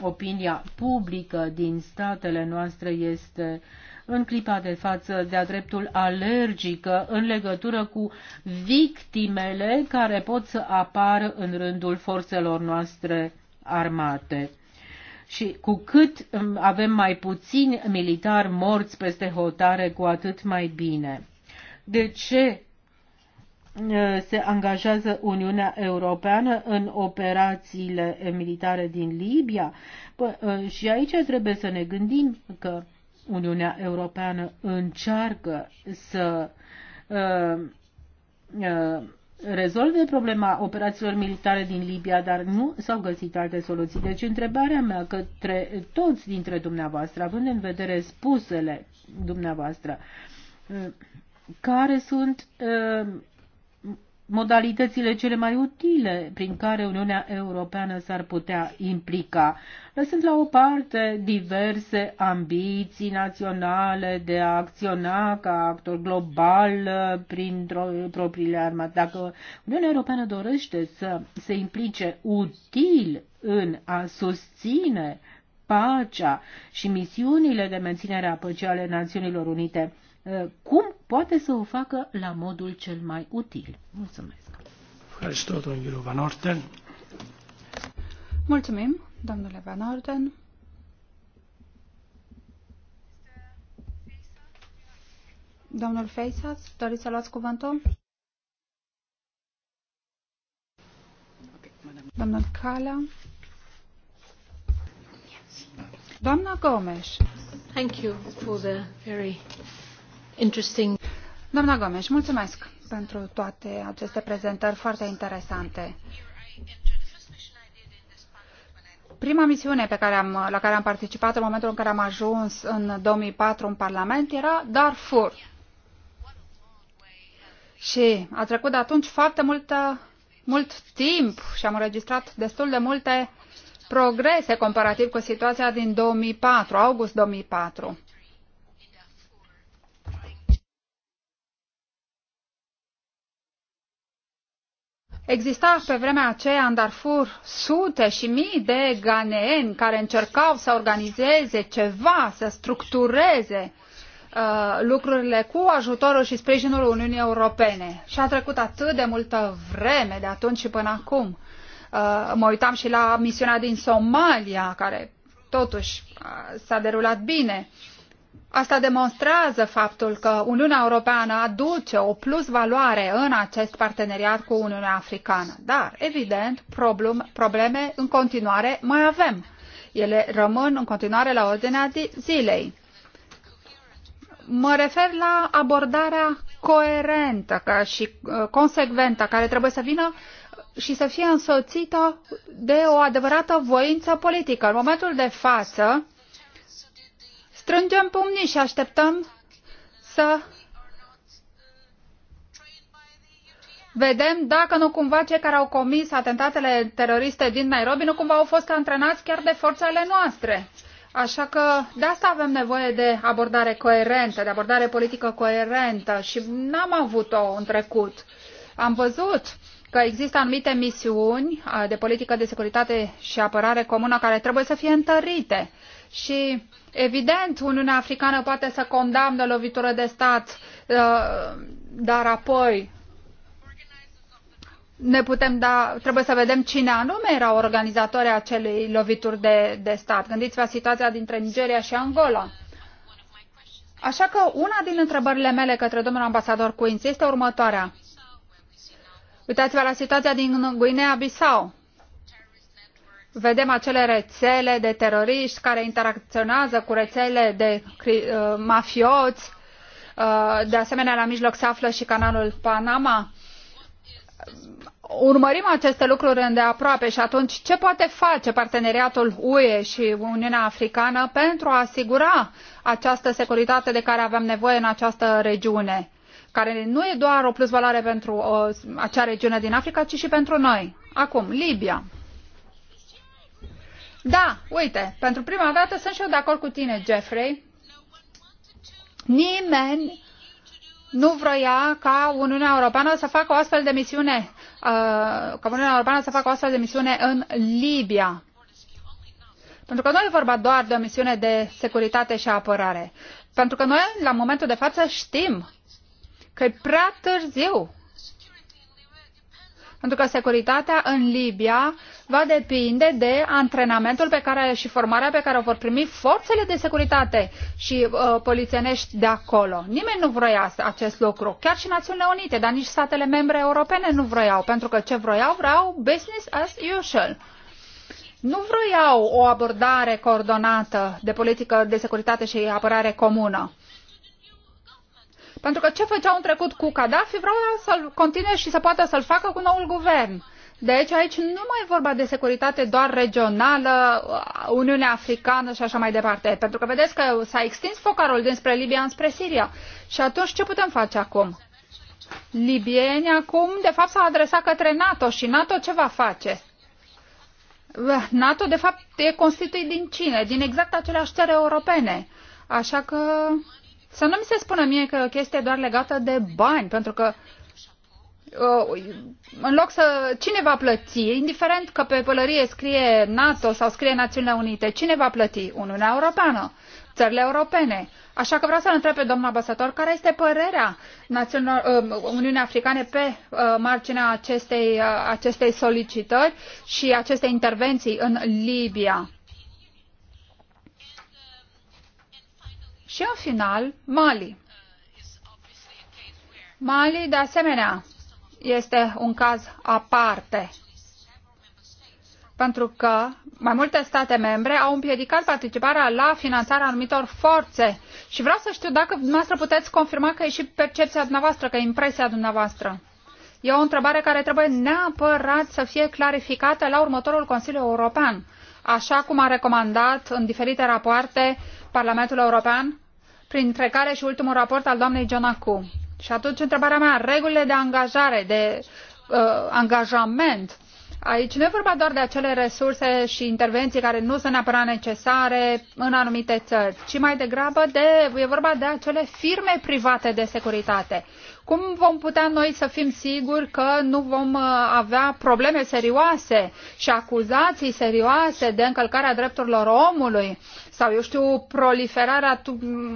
Speaker 1: opinia publică din statele noastre este în clipa de față de-a dreptul alergică în legătură cu victimele care pot să apară în rândul forțelor noastre armate. Și cu cât mm, avem mai puțini militari morți peste hotare, cu atât mai bine. De ce Eh, se angajează Uniunea Europeană în operațiile eh, militare din Libia. Pă, eh, și aici trebuie să ne gândim că Uniunea Europeană încearcă să uh, uh, rezolve problema operațiilor militare din Libia, dar nu s-au găsit alte soluții. Deci întrebarea mea către toți dintre dumneavoastră, având în vedere spusele dumneavoastră, uh, care sunt uh, modalitățile cele mai utile prin care Uniunea Europeană s-ar putea implica, lăsând la o parte diverse ambiții naționale de a acționa ca actor global uh, prin propriile arme. Dacă Uniunea Europeană dorește să se implice util în a susține pacea și misiunile de menținere a păcii ale Națiunilor Unite, Eh, cum poate să o facă la modul cel mai util. Mulțumesc!
Speaker 2: Mulțumim, domnule Van Orden. Domnul Feisas, doriți să luați cuvântul? Domnul Cala. Doamna Gomes.
Speaker 1: Thank you for the
Speaker 2: very interesting. Doamna Gomes, mulțumesc pentru toate aceste prezentări foarte interesante. Prima misiune pe care am, la care am participat în momentul în care am ajuns în 2004 în Parlament era Darfur. Și a trecut de atunci foarte multă, mult timp și am înregistrat destul de multe progrese comparativ cu situația din 2004, august 2004. Exista pe vremea aceea în Darfur sute și mii de ganeeni care încercau să organizeze ceva, să structureze uh, lucrurile cu ajutorul și sprijinul Uniunii Europene. Și a trecut atât de multă vreme de atunci și până acum. Uh, mă uitam și la misiunea din Somalia, care totuși uh, s-a derulat bine. Uh, Asta demonstrează faptul că Uniunea Europeană aduce o plus valoare în acest parteneriat cu Uniunea Africană. Dar, evident, problem, probleme în continuare mai avem. Ele rămân în continuare la ordinea zilei. Mă refer la abordarea coerentă ca și uh, consecventă care trebuie să vină și să fie însoțită de o adevărată voință politică. În momentul de față, strângem pumnii și așteptăm să vedem dacă nu cumva cei care au comis atentatele teroriste din Nairobi nu cumva au fost antrenați chiar de forțele noastre. Așa că de asta avem nevoie de abordare coerentă, de abordare politică coerentă și n-am avut-o în trecut. Am văzut că există anumite misiuni uh, de politică de securitate și apărare comună care trebuie să fie întărite și Evident, Uniunea Africană poate să condamne lovitură de stat, uh, dar apoi ne putem da, trebuie să vedem cine anume era organizatorii acelei lovituri de, de stat. Gândiți-vă situația dintre Nigeria și Angola. Așa că una din întrebările mele către domnul ambasador Quincy este următoarea. Uitați-vă la situația din Guinea-Bissau vedem acele rețele de teroriști care interacționează cu rețele de uh, mafioți. Uh, de asemenea, la mijloc se află și canalul Panama. Urmărim aceste lucruri îndeaproape și atunci ce poate face parteneriatul UE și Uniunea Africană pentru a asigura această securitate de care avem nevoie în această regiune? care nu e doar o plusvaloare pentru o, uh, acea regiune din Africa, ci și pentru noi. Acum, Libia. Da, uite, pentru prima dată sunt și eu de acord cu tine, Jeffrey. Nimeni nu vroia ca Uniunea Europeană să facă o astfel de misiune, uh, ca Uniunea Europeană să facă o astfel de misiune în Libia. Pentru că nu e vorba doar de o misiune de securitate și apărare. Pentru că noi, la momentul de față, știm că e prea târziu pentru că securitatea în Libia va depinde de antrenamentul pe care și formarea pe care o vor primi forțele de securitate și uh, polițienești de acolo. Nimeni nu vroia acest lucru, chiar și Națiunile Unite, dar nici statele membre europene nu vroiau, pentru că ce vroiau, vreau business as usual. Nu vroiau o abordare coordonată de politică de securitate și apărare comună. Pentru că ce făceau în trecut cu Gaddafi, vreau să-l continue și să poată să-l facă cu noul guvern. Deci aici nu mai e vorba de securitate doar regională, Uniunea Africană și așa mai departe. Pentru că vedeți că s-a extins focarul dinspre Libia înspre Siria. Și atunci ce putem face acum? Libieni acum, de fapt, s-a adresat către NATO și NATO ce va face? NATO, de fapt, e constituit din cine? Din exact aceleași țări europene. Așa că să nu mi se spună mie că chestia e doar legată de bani, pentru că uh, în loc să cine va plăti, indiferent că pe pălărie scrie NATO sau scrie Națiunile Unite, cine va plăti? Uniunea Europeană, țările europene. Așa că vreau să-l întreb pe domnul ambasador care este părerea Națiunilor, uh, Uniunii Africane pe uh, marginea acestei, acestei solicitări și acestei intervenții în Libia. Și în final, Mali. Mali, de asemenea, este un caz aparte, pentru că mai multe state membre au împiedicat participarea la finanțarea anumitor forțe. Și vreau să știu dacă dumneavoastră puteți confirma că e și percepția dumneavoastră, că e impresia dumneavoastră. E o întrebare care trebuie neapărat să fie clarificată la următorul Consiliu European, așa cum a recomandat în diferite rapoarte Parlamentul European printre care și ultimul raport al doamnei Gianacu. Și atunci întrebarea mea, regulile de angajare, de uh, angajament, aici nu e vorba doar de acele resurse și intervenții care nu sunt neapărat necesare în anumite țări, ci mai degrabă de, e vorba de acele firme private de securitate. Cum vom putea noi să fim siguri că nu vom uh, avea probleme serioase și acuzații serioase de încălcarea drepturilor omului? sau, eu știu, proliferarea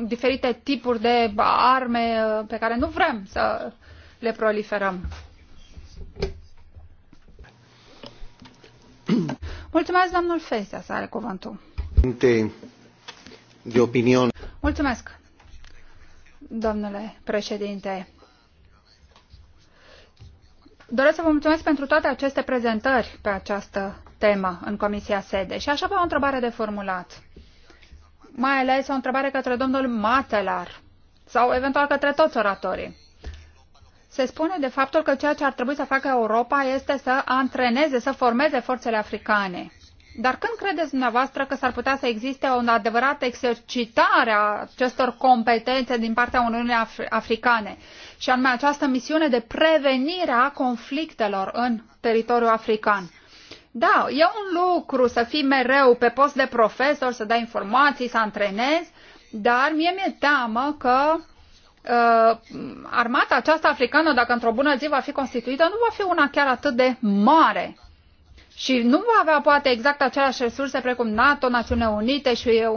Speaker 2: diferite tipuri de arme uh, pe care nu vrem să le proliferăm. *clears throat* Mulțumesc, domnul Fesea, să are cuvântul.
Speaker 1: De, de opinion.
Speaker 2: Mulțumesc, domnule președinte. Doresc să vă mulțumesc pentru toate aceste prezentări pe această temă în Comisia Sede și așa pe o întrebare de formulat mai ales o întrebare către domnul Matelar sau eventual către toți oratorii. Se spune de faptul că ceea ce ar trebui să facă Europa este să antreneze, să formeze forțele africane. Dar când credeți dumneavoastră că s-ar putea să existe o adevărată exercitare a acestor competențe din partea Uniunii Af- Africane? Și anume această misiune de prevenire a conflictelor în teritoriul african. Da, e un lucru să fii mereu pe post de profesor, să dai informații, să antrenezi, dar mie mi-e teamă că uh, armata aceasta africană, dacă într-o bună zi va fi constituită, nu va fi una chiar atât de mare. Și nu va avea poate exact aceleași resurse precum NATO, Națiunile Unite și uh,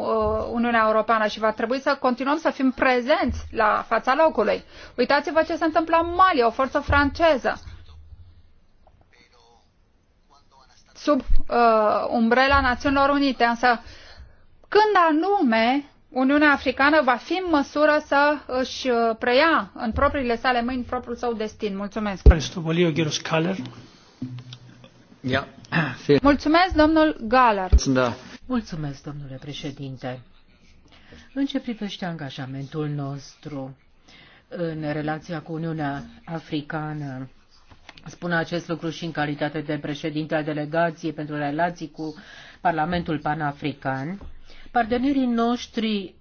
Speaker 2: Uniunea Europeană și va trebui să continuăm să fim prezenți la fața locului. Uitați-vă ce se întâmplă în Mali, o forță franceză sub uh, umbrela Națiunilor Unite, însă când anume Uniunea Africană va fi în măsură să își uh, preia în propriile sale mâini propriul său destin. Mulțumesc. Mulțumesc,
Speaker 1: domnul Galer. Da. Mulțumesc, domnule președinte. În ce privește angajamentul nostru în relația cu Uniunea Africană, spune acest lucru și în calitate de președinte al delegației pentru relații cu Parlamentul Panafrican. Partenerii noștri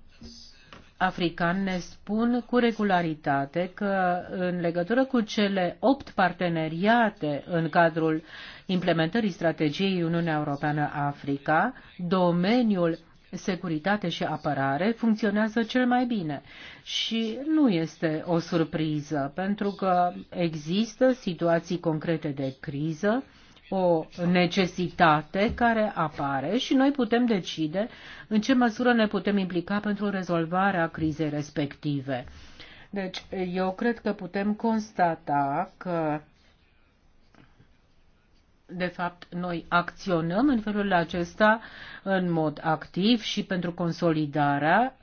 Speaker 1: africani ne spun cu regularitate că în legătură cu cele opt parteneriate în cadrul implementării strategiei Uniunea Europeană-Africa, domeniul securitate și apărare funcționează cel mai bine. Și nu este o surpriză, pentru că există situații concrete de criză, o necesitate care apare și noi putem decide în ce măsură ne putem implica pentru rezolvarea crizei respective. Deci, eu cred că putem constata că de fapt, noi acționăm în felul acesta în mod activ și pentru consolidarea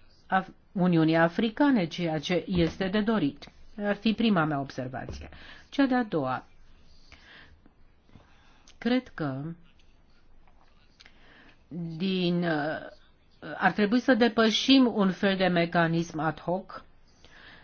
Speaker 1: Uniunii Africane, ceea ce este de dorit. Ar fi prima mea observație. Cea de-a doua. Cred că din, uh, ar trebui să depășim un fel de mecanism ad hoc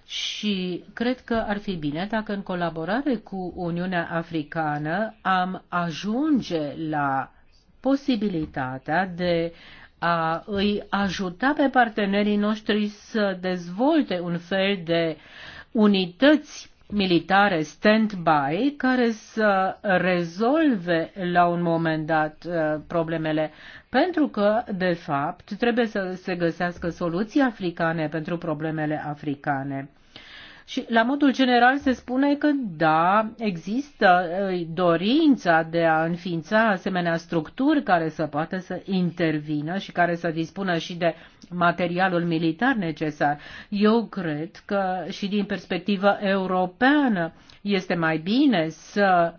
Speaker 1: și cred că ar fi bine dacă în colaborare cu Uniunea Africană am ajunge la posibilitatea de a îi ajuta pe partenerii noștri să dezvolte un fel de unități militare stand-by care să rezolve la un moment dat uh, problemele, pentru că, de fapt, trebuie să se găsească soluții africane pentru problemele africane. Și la modul general se spune că da, există uh, dorința de a înființa asemenea structuri care să poată să intervină și care să dispună și de materialul militar necesar. Eu cred că și din perspectivă europeană este mai bine să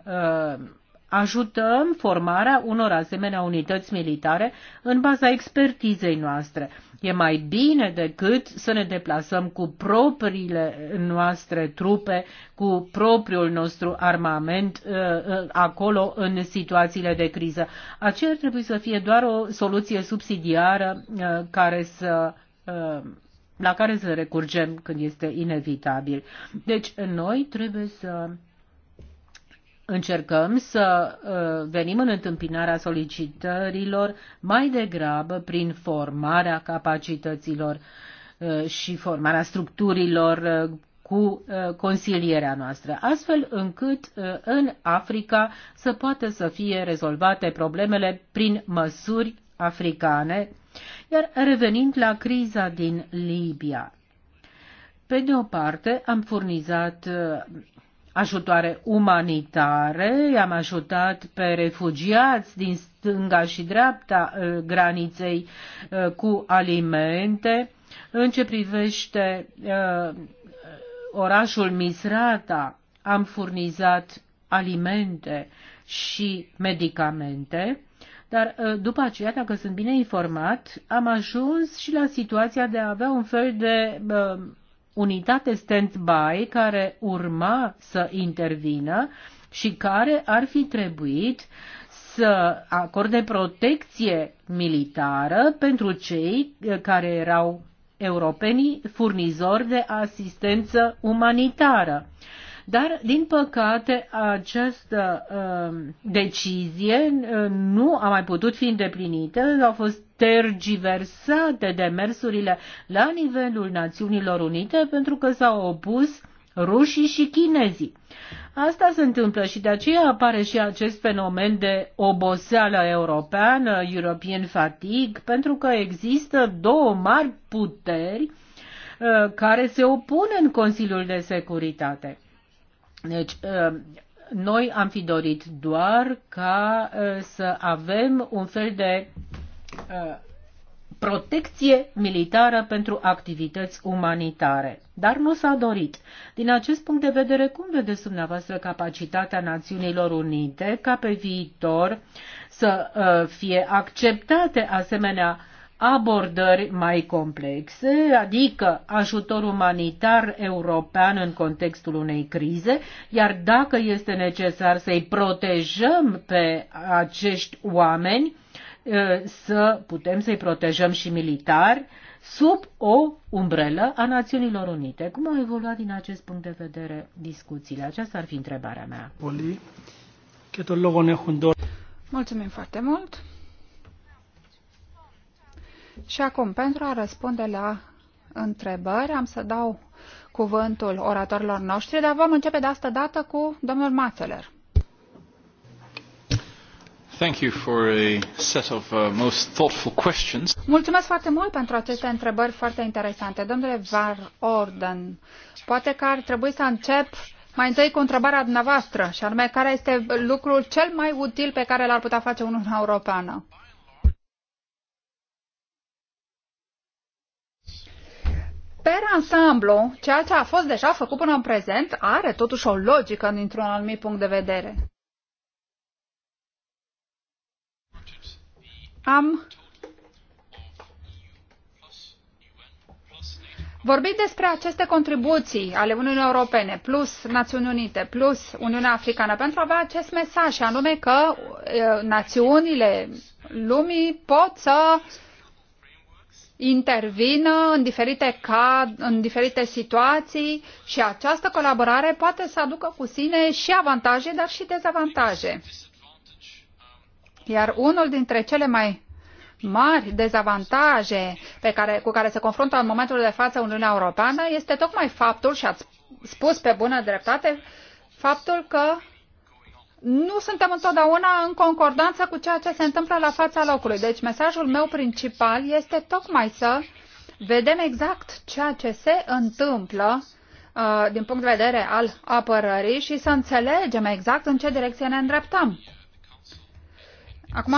Speaker 1: uh, ajutăm formarea unor asemenea unități militare în baza expertizei noastre. E mai bine decât să ne deplasăm cu propriile noastre trupe, cu propriul nostru armament uh, uh, acolo în situațiile de criză. Aceea trebuie să fie doar o soluție subsidiară uh, care să la care să recurgem când este inevitabil. Deci noi trebuie să încercăm să uh, venim în întâmpinarea solicitărilor mai degrabă prin formarea capacităților uh, și formarea structurilor uh, cu consilierea noastră, astfel încât în Africa să poată să fie rezolvate problemele prin măsuri africane. Iar revenind la criza din Libia, pe de o parte, am furnizat ajutoare umanitare, i-am ajutat pe refugiați din stânga și dreapta uh, graniței uh, cu alimente. În ce privește uh, orașul Misrata, am furnizat alimente și medicamente, dar după aceea, dacă sunt bine informat, am ajuns și la situația de a avea un fel de unitate stand-by care urma să intervină și care ar fi trebuit să acorde protecție militară pentru cei eh, care erau europenii furnizori de asistență umanitară. Dar, din păcate, această um, uh, decizie nu a mai putut fi îndeplinită, au fost tergiversate demersurile la nivelul Națiunilor Unite pentru că s-au opus rușii și chinezii. Asta se întâmplă și de aceea apare și acest fenomen de oboseală europeană, European fatigue, pentru că există două mari puteri uh, care se opun în Consiliul de Securitate. Deci, uh, noi am fi dorit doar ca uh, să avem un fel de uh, protecție militară pentru activități umanitare. Dar nu s-a dorit. Din acest punct de vedere, cum vedeți dumneavoastră capacitatea Națiunilor Unite ca pe viitor să fie acceptate asemenea uh, abordări mai complexe, adică ajutor umanitar european în contextul unei crize, iar dacă este necesar să-i protejăm pe acești oameni, eh, să putem să-i protejăm și militari sub o umbrelă a Națiunilor Unite. Cum au evoluat din acest punct de vedere discuțiile? Aceasta ar fi întrebarea mea.
Speaker 2: Mulțumim foarte mult. Și acum, pentru a răspunde la întrebări, am să dau cuvântul oratorilor noștri, dar vom începe de asta dată cu domnul Mațeler. Thank you for a set of uh, most thoughtful questions. Mulțumesc foarte mult pentru aceste întrebări foarte interesante. Domnule Var Orden, poate că ar trebui să încep mai întâi cu întrebarea dumneavoastră, și anume care este lucrul cel mai util pe care l-ar putea face unul Europeană. Per ansamblu, ceea ce a fost deja făcut până în prezent are totuși o logică dintr-un anumit punct de vedere. Am vorbit despre aceste contribuții ale Uniunii Europene, plus Națiunile Unite, plus Uniunea Africană, pentru a avea acest mesaj, și anume că națiunile lumii pot să uh, intervină în diferite, cad, în diferite situații și această colaborare poate să aducă cu sine și avantaje, dar și dezavantaje. Iar unul dintre cele mai mari dezavantaje pe care, cu care se confruntă în momentul de față Uniunea Europeană este tocmai faptul, și ați spus pe bună dreptate, faptul că nu suntem întotdeauna în concordanță cu ceea ce se întâmplă la fața locului. Deci mesajul meu principal este tocmai să vedem exact ceea ce se întâmplă uh, din punct de vedere al apărării și să înțelegem exact în ce direcție ne îndreptăm. Acum,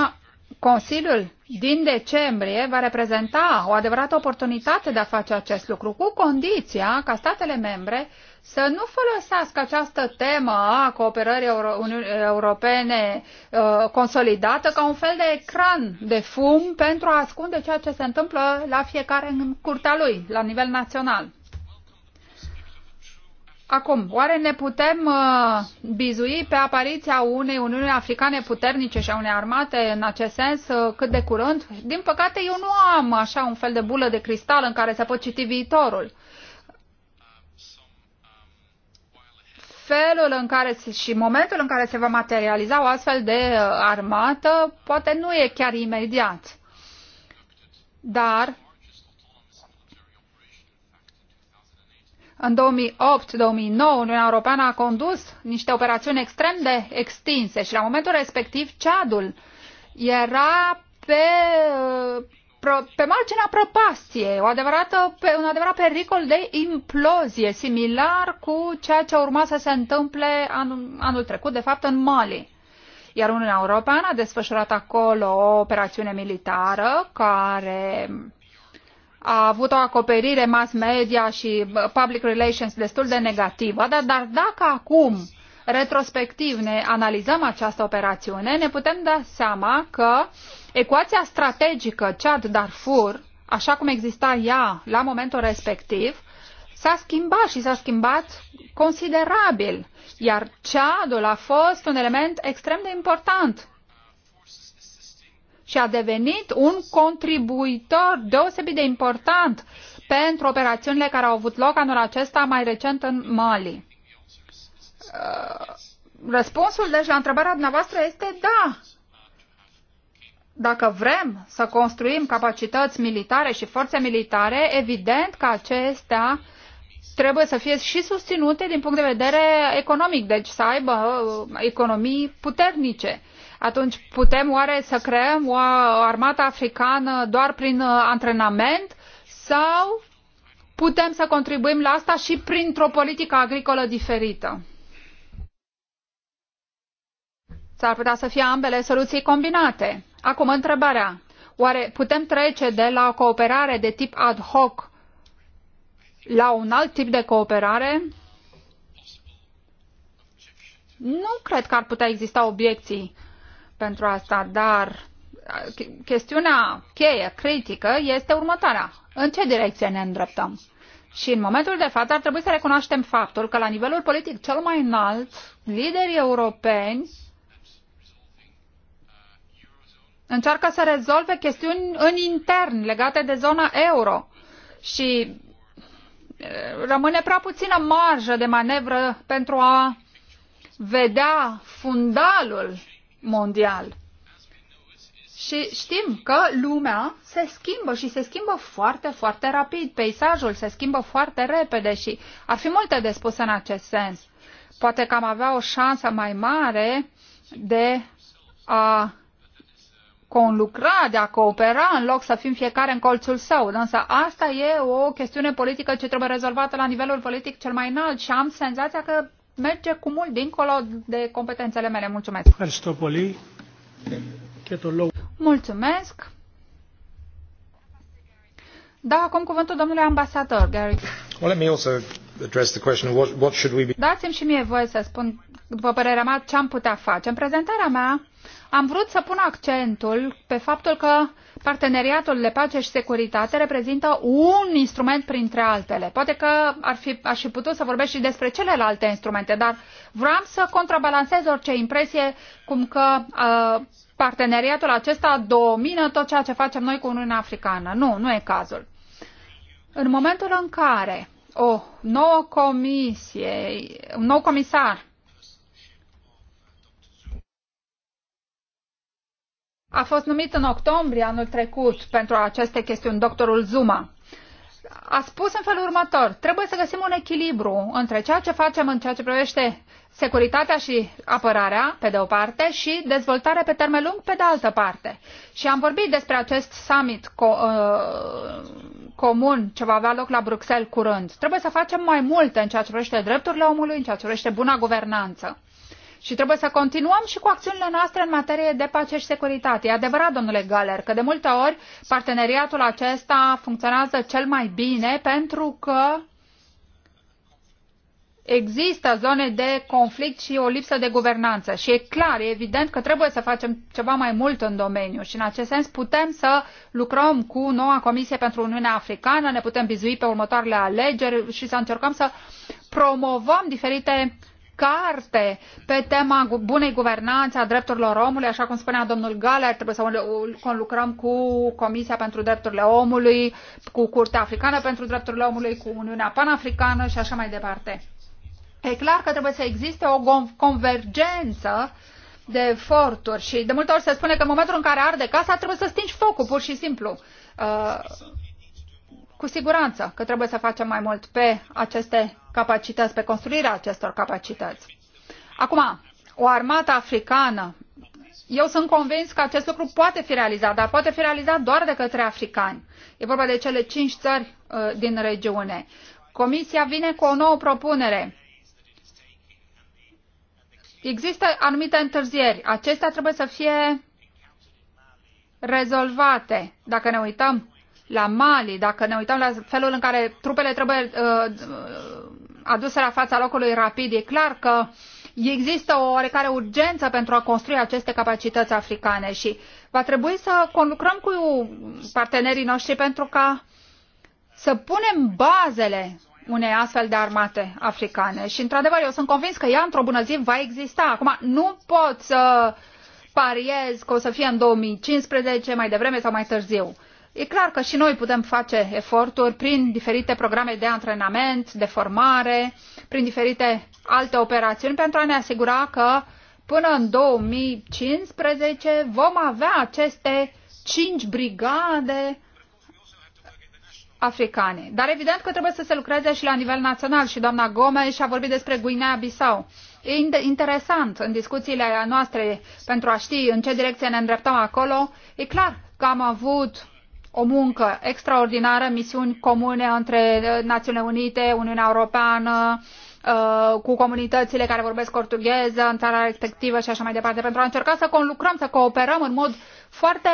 Speaker 2: Consiliul din decembrie va reprezenta o adevărată oportunitate de a face acest lucru, cu condiția ca statele membre să nu folosească această temă a cooperării Euro- europene uh, consolidată ca un fel de ecran de fum pentru a ascunde ceea ce se întâmplă la fiecare în curtea lui, la nivel național. Acum, oare ne putem uh, bizui pe apariția unei Uniuni Africane puternice și a unei armate în acest sens uh, cât de curând? Din păcate, eu nu am așa un fel de bulă de cristal în care să pot citi viitorul. Uh, felul în care și momentul în care se va materializa o astfel de uh, armată poate nu e chiar imediat. Dar În 2008-2009, Uniunea Europeană a condus niște operațiuni extrem de extinse și la momentul respectiv Ceadul era pe uh, pe marginea prăpastiei, o adevărată, un adevărat pericol de implozie, similar cu ceea ce urma să se întâmple anul, anul trecut, de fapt, în Mali. Iar Uniunea Europeană a desfășurat acolo o operațiune militară care a avut o acoperire mass media și public relations destul de negativă, dar, dar dacă acum retrospectiv ne analizăm această operațiune, ne putem da seama că ecuația strategică Chad-Darfur, așa cum exista ea la momentul respectiv, s-a schimbat și s-a schimbat considerabil, iar Chadul a fost un element extrem de important și a devenit un contribuitor deosebit de important pentru operațiunile care au avut loc anul acesta mai recent în Mali. Uh, răspunsul, deci, la întrebarea dumneavoastră este da. Dacă vrem să construim capacități militare și forțe militare, evident că acestea trebuie să fie și susținute din punct de vedere economic, deci să aibă uh, economii puternice. Atunci putem oare să creăm o armată africană doar prin uh, antrenament sau putem să contribuim la asta și printr-o politică agricolă diferită? S-ar putea să fie ambele soluții combinate. Acum, întrebarea. Oare putem trece de la o cooperare de tip ad hoc la un alt tip de cooperare? Nu cred că ar putea exista obiecții pentru asta, dar uh, chestiunea cheie, critică, este următoarea. În ce direcție ne îndreptăm? Și în momentul de față ar trebui să recunoaștem faptul că la nivelul politic cel mai înalt, liderii europeni încearcă să rezolve chestiuni în intern legate de zona euro și rămâne prea puțină marjă de manevră pentru a vedea fundalul mondial. Și știm că lumea se schimbă și se schimbă foarte, foarte rapid. Peisajul se schimbă foarte repede și ar fi multe de spus în acest sens. Poate că am avea o șansă mai mare de a conlucra, de a coopera, în loc să fim fiecare în colțul său. Însă asta e o chestiune politică ce trebuie rezolvată la nivelul politic cel mai înalt și am senzația că merge cu mult dincolo de competențele mele. Mulțumesc! Mulțumesc! Da, acum cuvântul domnului ambasador, Gary. Dați-mi și mie voie să spun, după părerea mea, ce am putea face. În prezentarea mea am vrut să pun accentul pe faptul că parteneriatul de pace și securitate reprezintă un instrument printre altele. Poate că ar fi, aș fi putut să vorbesc și despre celelalte instrumente, dar vreau să contrabalancez orice impresie cum că uh, parteneriatul acesta domină tot ceea ce facem noi cu Uniunea Africană. Nu, nu e cazul. În momentul în care o nouă comisie, un nou comisar a fost numit în octombrie anul trecut pentru aceste chestiuni, doctorul Zuma a spus în felul următor, trebuie să găsim un echilibru între ceea ce facem în ceea ce privește securitatea și apărarea, pe de o parte, și dezvoltarea pe termen lung, pe de altă parte. Și am vorbit despre acest summit co- uh, comun ce va avea loc la Bruxelles curând. Trebuie să facem mai multe în ceea ce privește drepturile omului, în ceea ce privește buna guvernanță. Și trebuie să continuăm și cu acțiunile noastre în materie de pace și securitate. E adevărat, domnule Galer, că de multe ori parteneriatul acesta funcționează cel mai bine pentru că există zone de conflict și o lipsă de guvernanță. Și e clar, e evident că trebuie să facem ceva mai mult în domeniu și în acest sens putem să lucrăm cu noua Comisie pentru Uniunea Africană, ne putem vizui pe următoarele alegeri și să încercăm să promovăm diferite carte pe tema bunei guvernanțe a drepturilor omului, așa cum spunea domnul Galer, trebuie să conlucrăm cu Comisia pentru Drepturile Omului, cu Curtea Africană pentru Drepturile Omului, cu Uniunea Panafricană și așa mai departe. E clar că trebuie să existe o convergență de eforturi și de multe ori se spune că în momentul în care arde casa trebuie să stingi focul, pur și simplu. Uh, cu siguranță că trebuie să facem mai mult pe aceste capacități, pe construirea acestor capacități. Acum, o armată africană, eu sunt convins că acest lucru poate fi realizat, dar poate fi realizat doar de către africani. E vorba de cele cinci țări uh, din regiune. Comisia vine cu o nouă propunere. Există anumite întârzieri. Acestea trebuie să fie rezolvate. Dacă ne uităm la Mali, dacă ne uităm la felul în care trupele trebuie uh, uh aduse la fața locului rapid. E clar că există o oarecare urgență pentru a construi aceste capacități africane și va trebui să conlucrăm cu partenerii noștri pentru ca să punem bazele unei astfel de armate africane. Și, într-adevăr, eu sunt convins că ea, într-o bună zi, va exista. Acum, nu pot să pariez că o să fie în 2015, mai devreme sau mai târziu. E clar că și noi putem face eforturi prin diferite programe de antrenament, de formare, prin diferite alte operațiuni pentru a ne asigura că până în 2015 vom avea aceste cinci brigade africane. Dar evident că trebuie să se lucreze și la nivel național și doamna Gomes a vorbit despre Guinea-Bissau. E interesant în discuțiile noastre pentru a ști în ce direcție ne îndreptăm acolo. E clar că am avut o muncă extraordinară, misiuni comune între Națiunile Unite, Uniunea Europeană, uh, cu comunitățile care vorbesc portugheză în țara respectivă și așa mai departe, pentru a încerca să conlucrăm, să cooperăm în mod foarte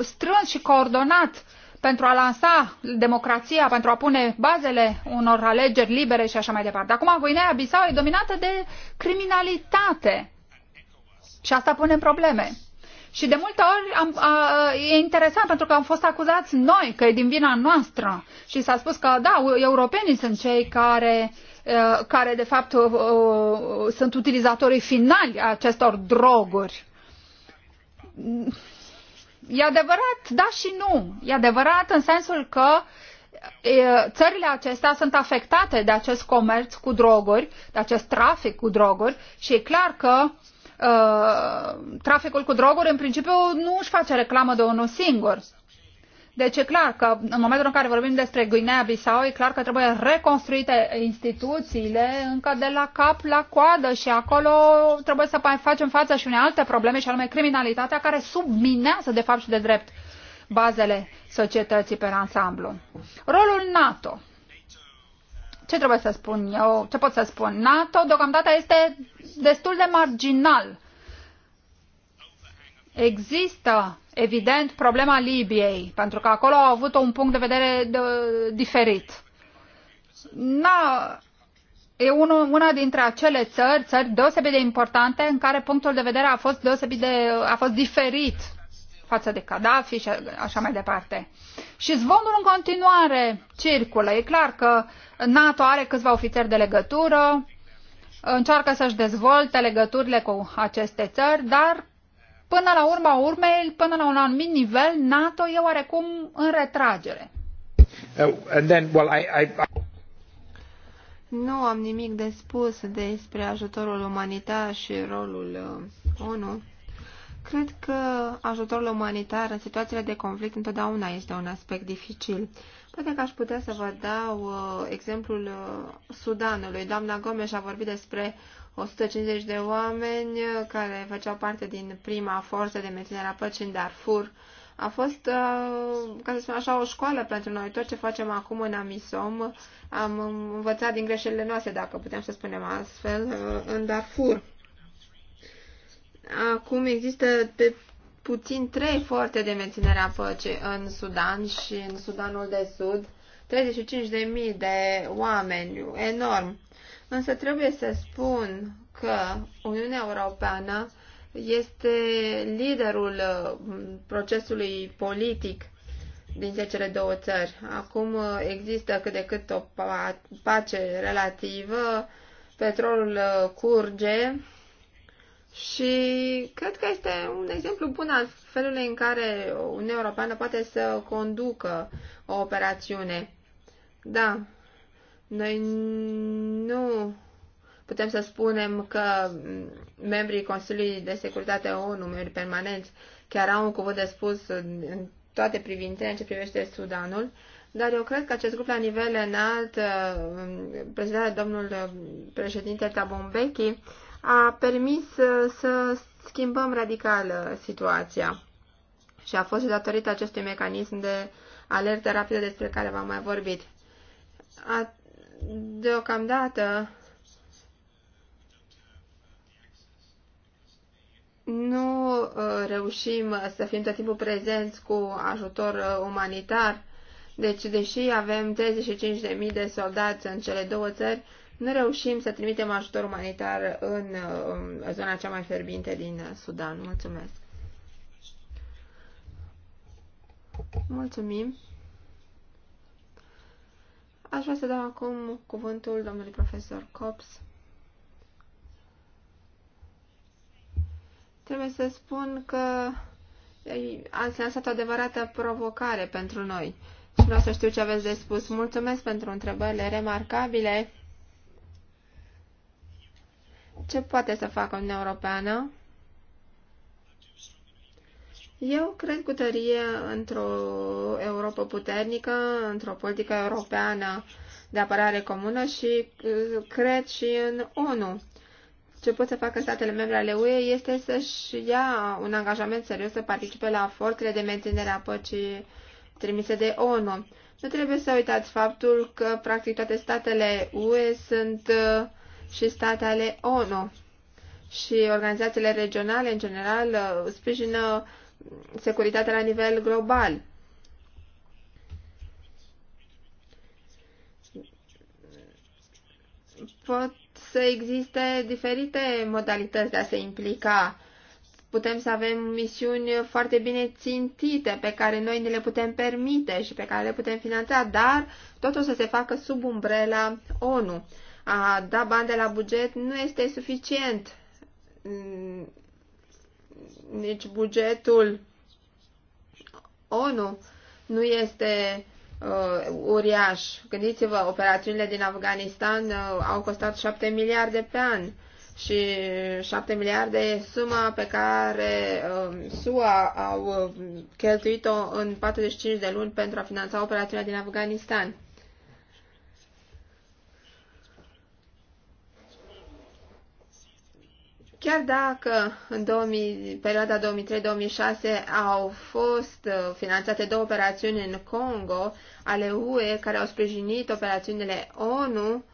Speaker 2: strâns și coordonat pentru a lansa democrația, pentru a pune bazele unor alegeri libere și așa mai departe. Acum, Guinea Bissau e dominată de criminalitate. Și asta pune probleme. Și de multe ori am, a, e interesant pentru că am fost acuzați noi că e din vina noastră și s-a spus că, da, europenii sunt cei care care de fapt sunt utilizatorii finali a acestor droguri. E adevărat, da și nu. E adevărat în sensul că țările acestea sunt afectate de acest comerț cu droguri, de acest trafic cu droguri și e clar că uh, Uh, traficul cu droguri, în principiu, nu își face reclamă de unul singur. Deci e clar că în momentul în care vorbim despre Guinea-Bissau, e clar că trebuie reconstruite instituțiile încă de la cap la coadă și acolo trebuie să mai facem față și unei alte probleme și anume criminalitatea care subminează de fapt și de drept bazele societății pe ansamblu. Rolul NATO ce trebuie să spun eu, ce pot să spun? NATO deocamdată este destul de marginal. Există, evident, problema Libiei, pentru că acolo au avut un punct de vedere de, diferit. Na, e unu, una dintre acele țări, țări deosebit de importante, în care punctul de vedere a fost deosebit de, a fost diferit față de Gaddafi și așa mai departe. Uh, și zvonul în continuare circulă. E clar că NATO are câțiva ofițeri de legătură, încearcă să-și dezvolte legăturile cu aceste țări, dar până la urma urmei, până la un anumit nivel, NATO e oarecum în retragere.
Speaker 1: Uh, and then, well, I, I, I...
Speaker 3: Nu am nimic de spus despre ajutorul umanitar și rolul uh, ONU. Cred că ajutorul umanitar în situațiile de conflict întotdeauna este un aspect dificil. Poate că aș putea să vă dau uh, exemplul uh, Sudanului. Doamna Gomes a vorbit despre 150 de oameni uh, care făceau parte din prima forță de menținere a păcii în Darfur. A fost, ca să spun așa, o școală pentru noi. Tot ce facem acum în Amisom am învățat din greșelile noastre, dacă putem să spunem astfel, în Darfur. Acum există pe puțin trei forțe de menținere a păcii în Sudan și în Sudanul de Sud. 35.000 de oameni, enorm. Însă trebuie să spun că Uniunea Europeană este liderul uh, procesului politic din cele două țări. Acum uh, există cât de cât o pace relativă, petrolul uh, curge, și cred că este un exemplu bun al felului în care Uniunea Europeană poate să conducă o operațiune. Da, noi nu putem să spunem că membrii Consiliului de Securitate ONU, membrii permanenți, chiar au un cuvânt de spus în toate privințele în ce privește Sudanul, dar eu cred că acest grup la nivel înalt, uh, prezidentul domnul uh, președinte Tabombechi, a permis uh, să schimbăm radical uh, situația. Și a fost și datorită acestui mecanism de
Speaker 1: alertă rapidă despre care v-am mai vorbit.
Speaker 3: deocamdată nu uh, reușim să fim tot timpul prezenți cu ajutor umanitar. Deci, deși avem 35.000 de soldați în cele două țări, nu reușim să trimitem ajutor umanitar în zona cea mai fierbinte din Sudan. Mulțumesc! Mulțumim! Aș vrea să dau acum cuvântul domnului profesor Cops. Trebuie să spun că ați lansat o adevărată provocare pentru noi și vreau să știu ce aveți de spus. Mulțumesc pentru întrebările remarcabile ce poate să facă Uniunea Europeană? Eu cred cu tărie într-o Europa puternică, într-o politică europeană de apărare comună și uh, cred și în ONU. Ce pot să facă statele membre ale UE este să-și ia un angajament serios să participe la forțele de menținere a păcii trimise de ONU. Nu trebuie să uitați faptul că practic toate statele UE sunt uh, și statele ONU și organizațiile regionale, în general, uh, sprijină securitatea la nivel global. Pot să existe diferite modalități de a se implica. Putem să avem misiuni foarte bine țintite pe care noi ne le putem permite și pe care le putem finanța, dar totul să se facă sub umbrela ONU. A da bani de la buget nu este suficient. Mm, Nici bugetul ONU nu este uh, uriaș. Gândiți-vă, operațiunile din Afganistan uh, au costat 7 miliarde pe an și 7 miliarde e suma pe care um, uh, SUA au cheltuit-o în 45 de luni pentru a finanța operațiunea din Afganistan. Chiar dacă în 2000, perioada 2003-2006 au fost uh, finanțate două operațiuni în Congo ale UE care au sprijinit operațiunile ONU,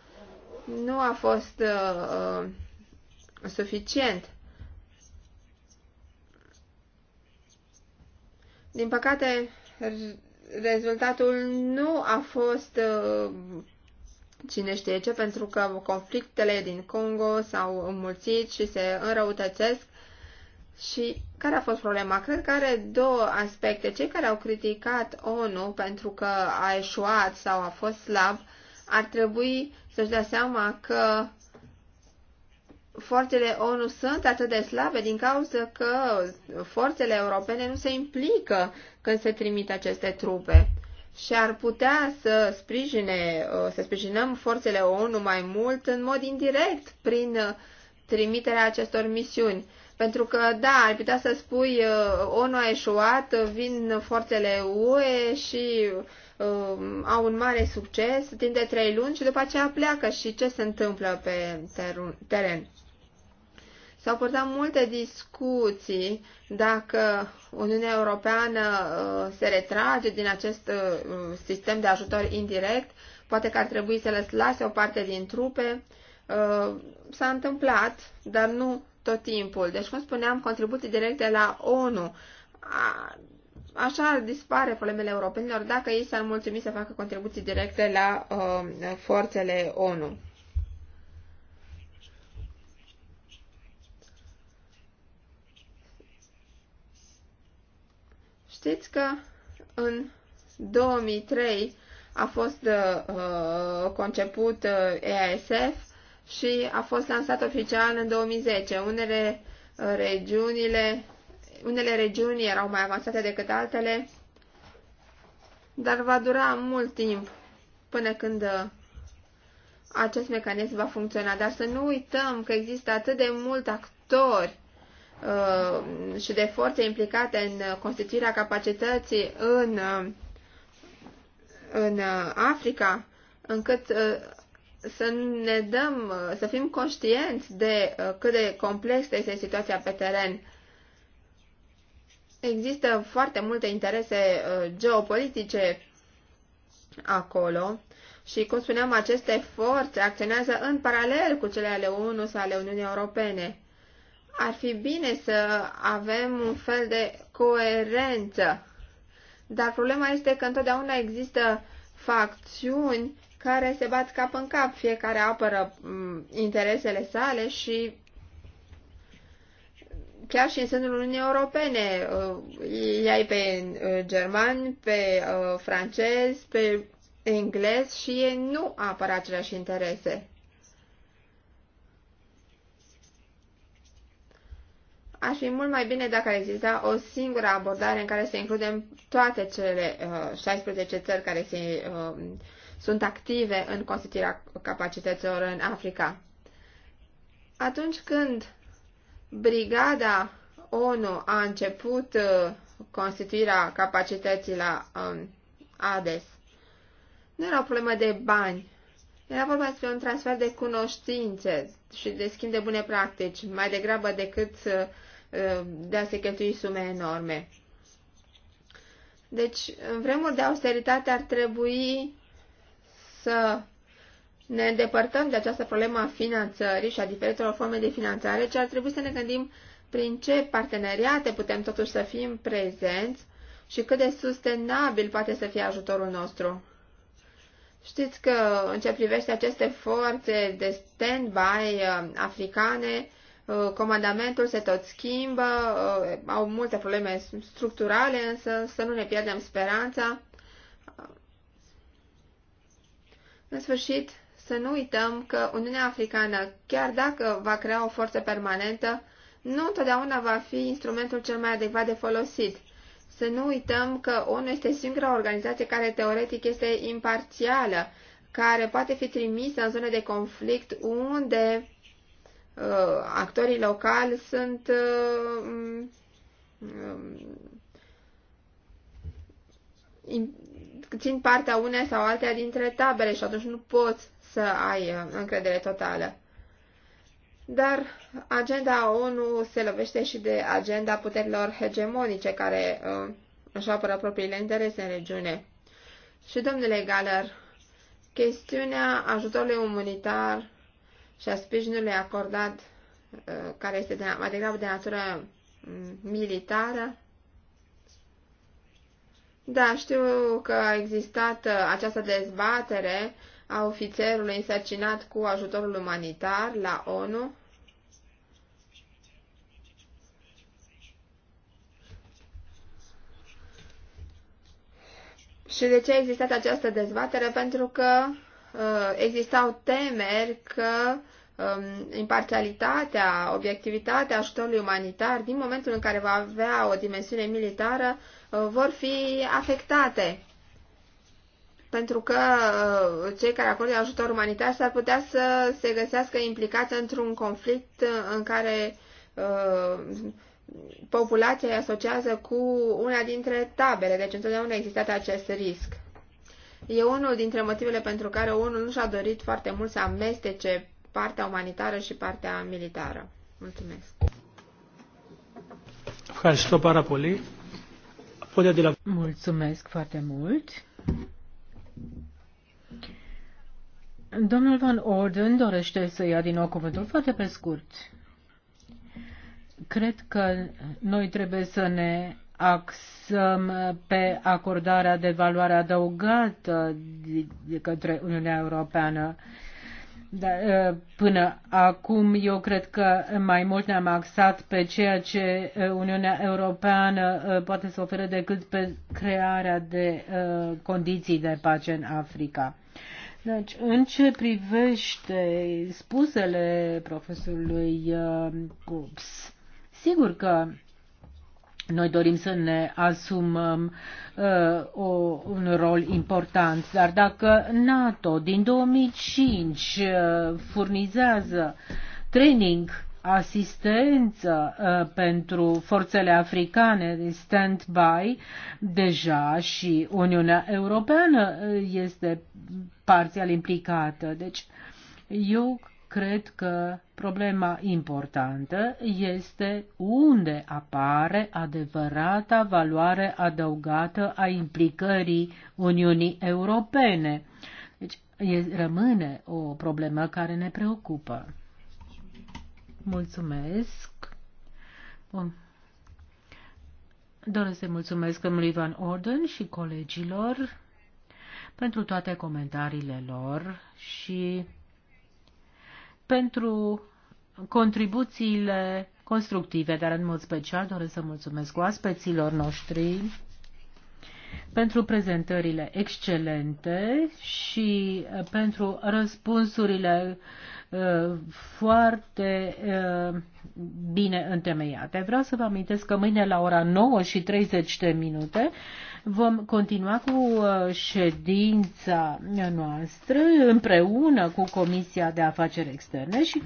Speaker 3: nu a fost uh, uh, suficient. Din păcate, rezultatul nu a fost uh, cine știe ce, pentru că conflictele din Congo s-au înmulțit și se înrăutățesc. Și care a fost problema? Cred că are două aspecte. Cei care au criticat ONU pentru că a eșuat sau a fost slab, ar trebui să-și dea seama că forțele ONU sunt atât de slabe din cauza că forțele europene nu se implică când se trimit aceste trupe și ar putea să sprijine, să sprijinăm forțele ONU mai mult în mod indirect prin uh, trimiterea acestor misiuni. Pentru că, da, ar putea să spui uh, ONU a eșuat, vin forțele UE și um, au un mare succes timp de trei luni și după aceea pleacă și ce se întâmplă pe teren. S-au purtat multe discuții dacă Uniunea Europeană uh, se retrage din acest uh, sistem de ajutor indirect, poate că ar trebui să le lase o parte din trupe. Uh, s-a întâmplat, dar nu tot timpul. Deci, cum spuneam, contribuții directe la ONU. Așa ar dispare problemele europenilor dacă ei s-ar mulțumi să facă contribuții directe la forțele ONU. Știți că în 2003 a fost uh, uh conceput uh, EASF și a fost lansat oficial în 2010. Unele uh, regiunile unele regiuni erau mai avansate decât altele, dar va dura mult timp până când uh, acest mecanism va funcționa. Dar să nu uităm că există atât de mulți actori și de forțe implicate în constituirea capacității în, în Africa, încât uh, să ne dăm, uh, să fim conștienți de uh, cât de complexă este situația pe teren. Există foarte multe interese geopolitice acolo și, cum spuneam, aceste forțe acționează în paralel cu cele ale ONU sau ale Uniunii Europene ar fi bine să avem un fel de coerență. Dar problema este că întotdeauna există facțiuni care se bat cap în cap, fiecare apără mm, interesele sale și chiar și în sânul Uniunii Europene uh, iai pe uh, germani, pe uh, francezi, pe englezi și ei nu apără aceleași interese. aș fi mult mai bine dacă ar exista o singură abordare în care să includem toate cele uh, 16 țări care se, uh, sunt active în constituirea capacităților în Africa. Atunci când brigada ONU a început uh, constituirea capacității la um, ADES, nu era o problemă de bani, era vorba despre un transfer de cunoștințe și de schimb de bune practici, mai degrabă decât uh, Uh, de a se cheltui sume enorme. Deci, în vremuri de austeritate ar trebui să ne îndepărtăm de această problemă a finanțării și a diferitelor forme de finanțare, ci ar trebui să ne gândim prin ce parteneriate putem totuși să fim prezenți și cât de sustenabil poate să fie ajutorul nostru. Știți că în ce privește aceste forțe de stand-by uh, africane, Uh, comandamentul se tot schimbă, uh, au multe probleme structurale, însă să nu ne pierdem speranța. Uh, în sfârșit, să nu uităm că Uniunea Africană, chiar dacă va crea o forță permanentă, nu întotdeauna va fi instrumentul cel mai adecvat de folosit. Să nu uităm că ONU este singura organizație care teoretic este imparțială, care poate fi trimisă în zone de conflict unde Uh, actorii locali sunt uh, mm, um, țin partea unei sau altea dintre tabere și atunci nu poți să ai uh, încredere totală. Dar agenda ONU se lovește și de agenda puterilor hegemonice care uh, își apără propriile interese în regiune. Și domnule Galer, chestiunea ajutorului umanitar și a sprijinului acordat, uh, care este de, mai degrabă de natură mm, militară. Da, știu că a existat uh, această dezbatere a ofițerului însărcinat cu ajutorul umanitar la ONU. Și de ce a existat această dezbatere? Pentru că Uh, existau temeri că um, imparțialitatea, obiectivitatea ajutorului umanitar, din momentul în care va avea o dimensiune militară, uh, vor fi afectate. Pentru că uh, cei care acordă ajutor umanitar s-ar putea să se găsească implicați într-un conflict în care populația îi asociază cu una dintre tabere, deci întotdeauna a existat acest risc. E unul dintre motivele pentru care unul nu și-a dorit foarte mult să amestece partea umanitară și partea militară. Mulțumesc.
Speaker 1: Mulțumesc foarte mult. Domnul Van Orden dorește să ia din nou cuvântul foarte pe scurt. Cred că noi trebuie să ne axăm pe acordarea de valoare adăugată de către Uniunea Europeană. Da, până acum eu cred că mai mult ne-am axat pe ceea ce Uniunea Europeană poate să ofere decât pe crearea de condiții de pace în Africa. Deci, în ce privește spusele profesorului Cups, sigur că noi dorim să ne asumăm uh, o, un rol important, dar dacă NATO din 2005 uh, furnizează training, asistență uh, pentru forțele africane, stand-by, deja și Uniunea Europeană uh, este parțial implicată. Deci, eu cred că problema importantă este unde apare adevărata valoare adăugată a implicării Uniunii Europene. Deci e, rămâne o problemă care ne preocupă. Mulțumesc. Bun. Doresc să mulțumesc domnului Ivan Orden și colegilor pentru toate comentariile lor și pentru contribuțiile constructive, dar în mod special doresc să mulțumesc oaspeților noștri pentru prezentările excelente și pentru răspunsurile Uh, foarte uh, bine întemeiate. Vreau să vă amintesc că mâine la ora 9 și 30 de minute vom continua cu uh, ședința noastră împreună cu Comisia de Afaceri Externe și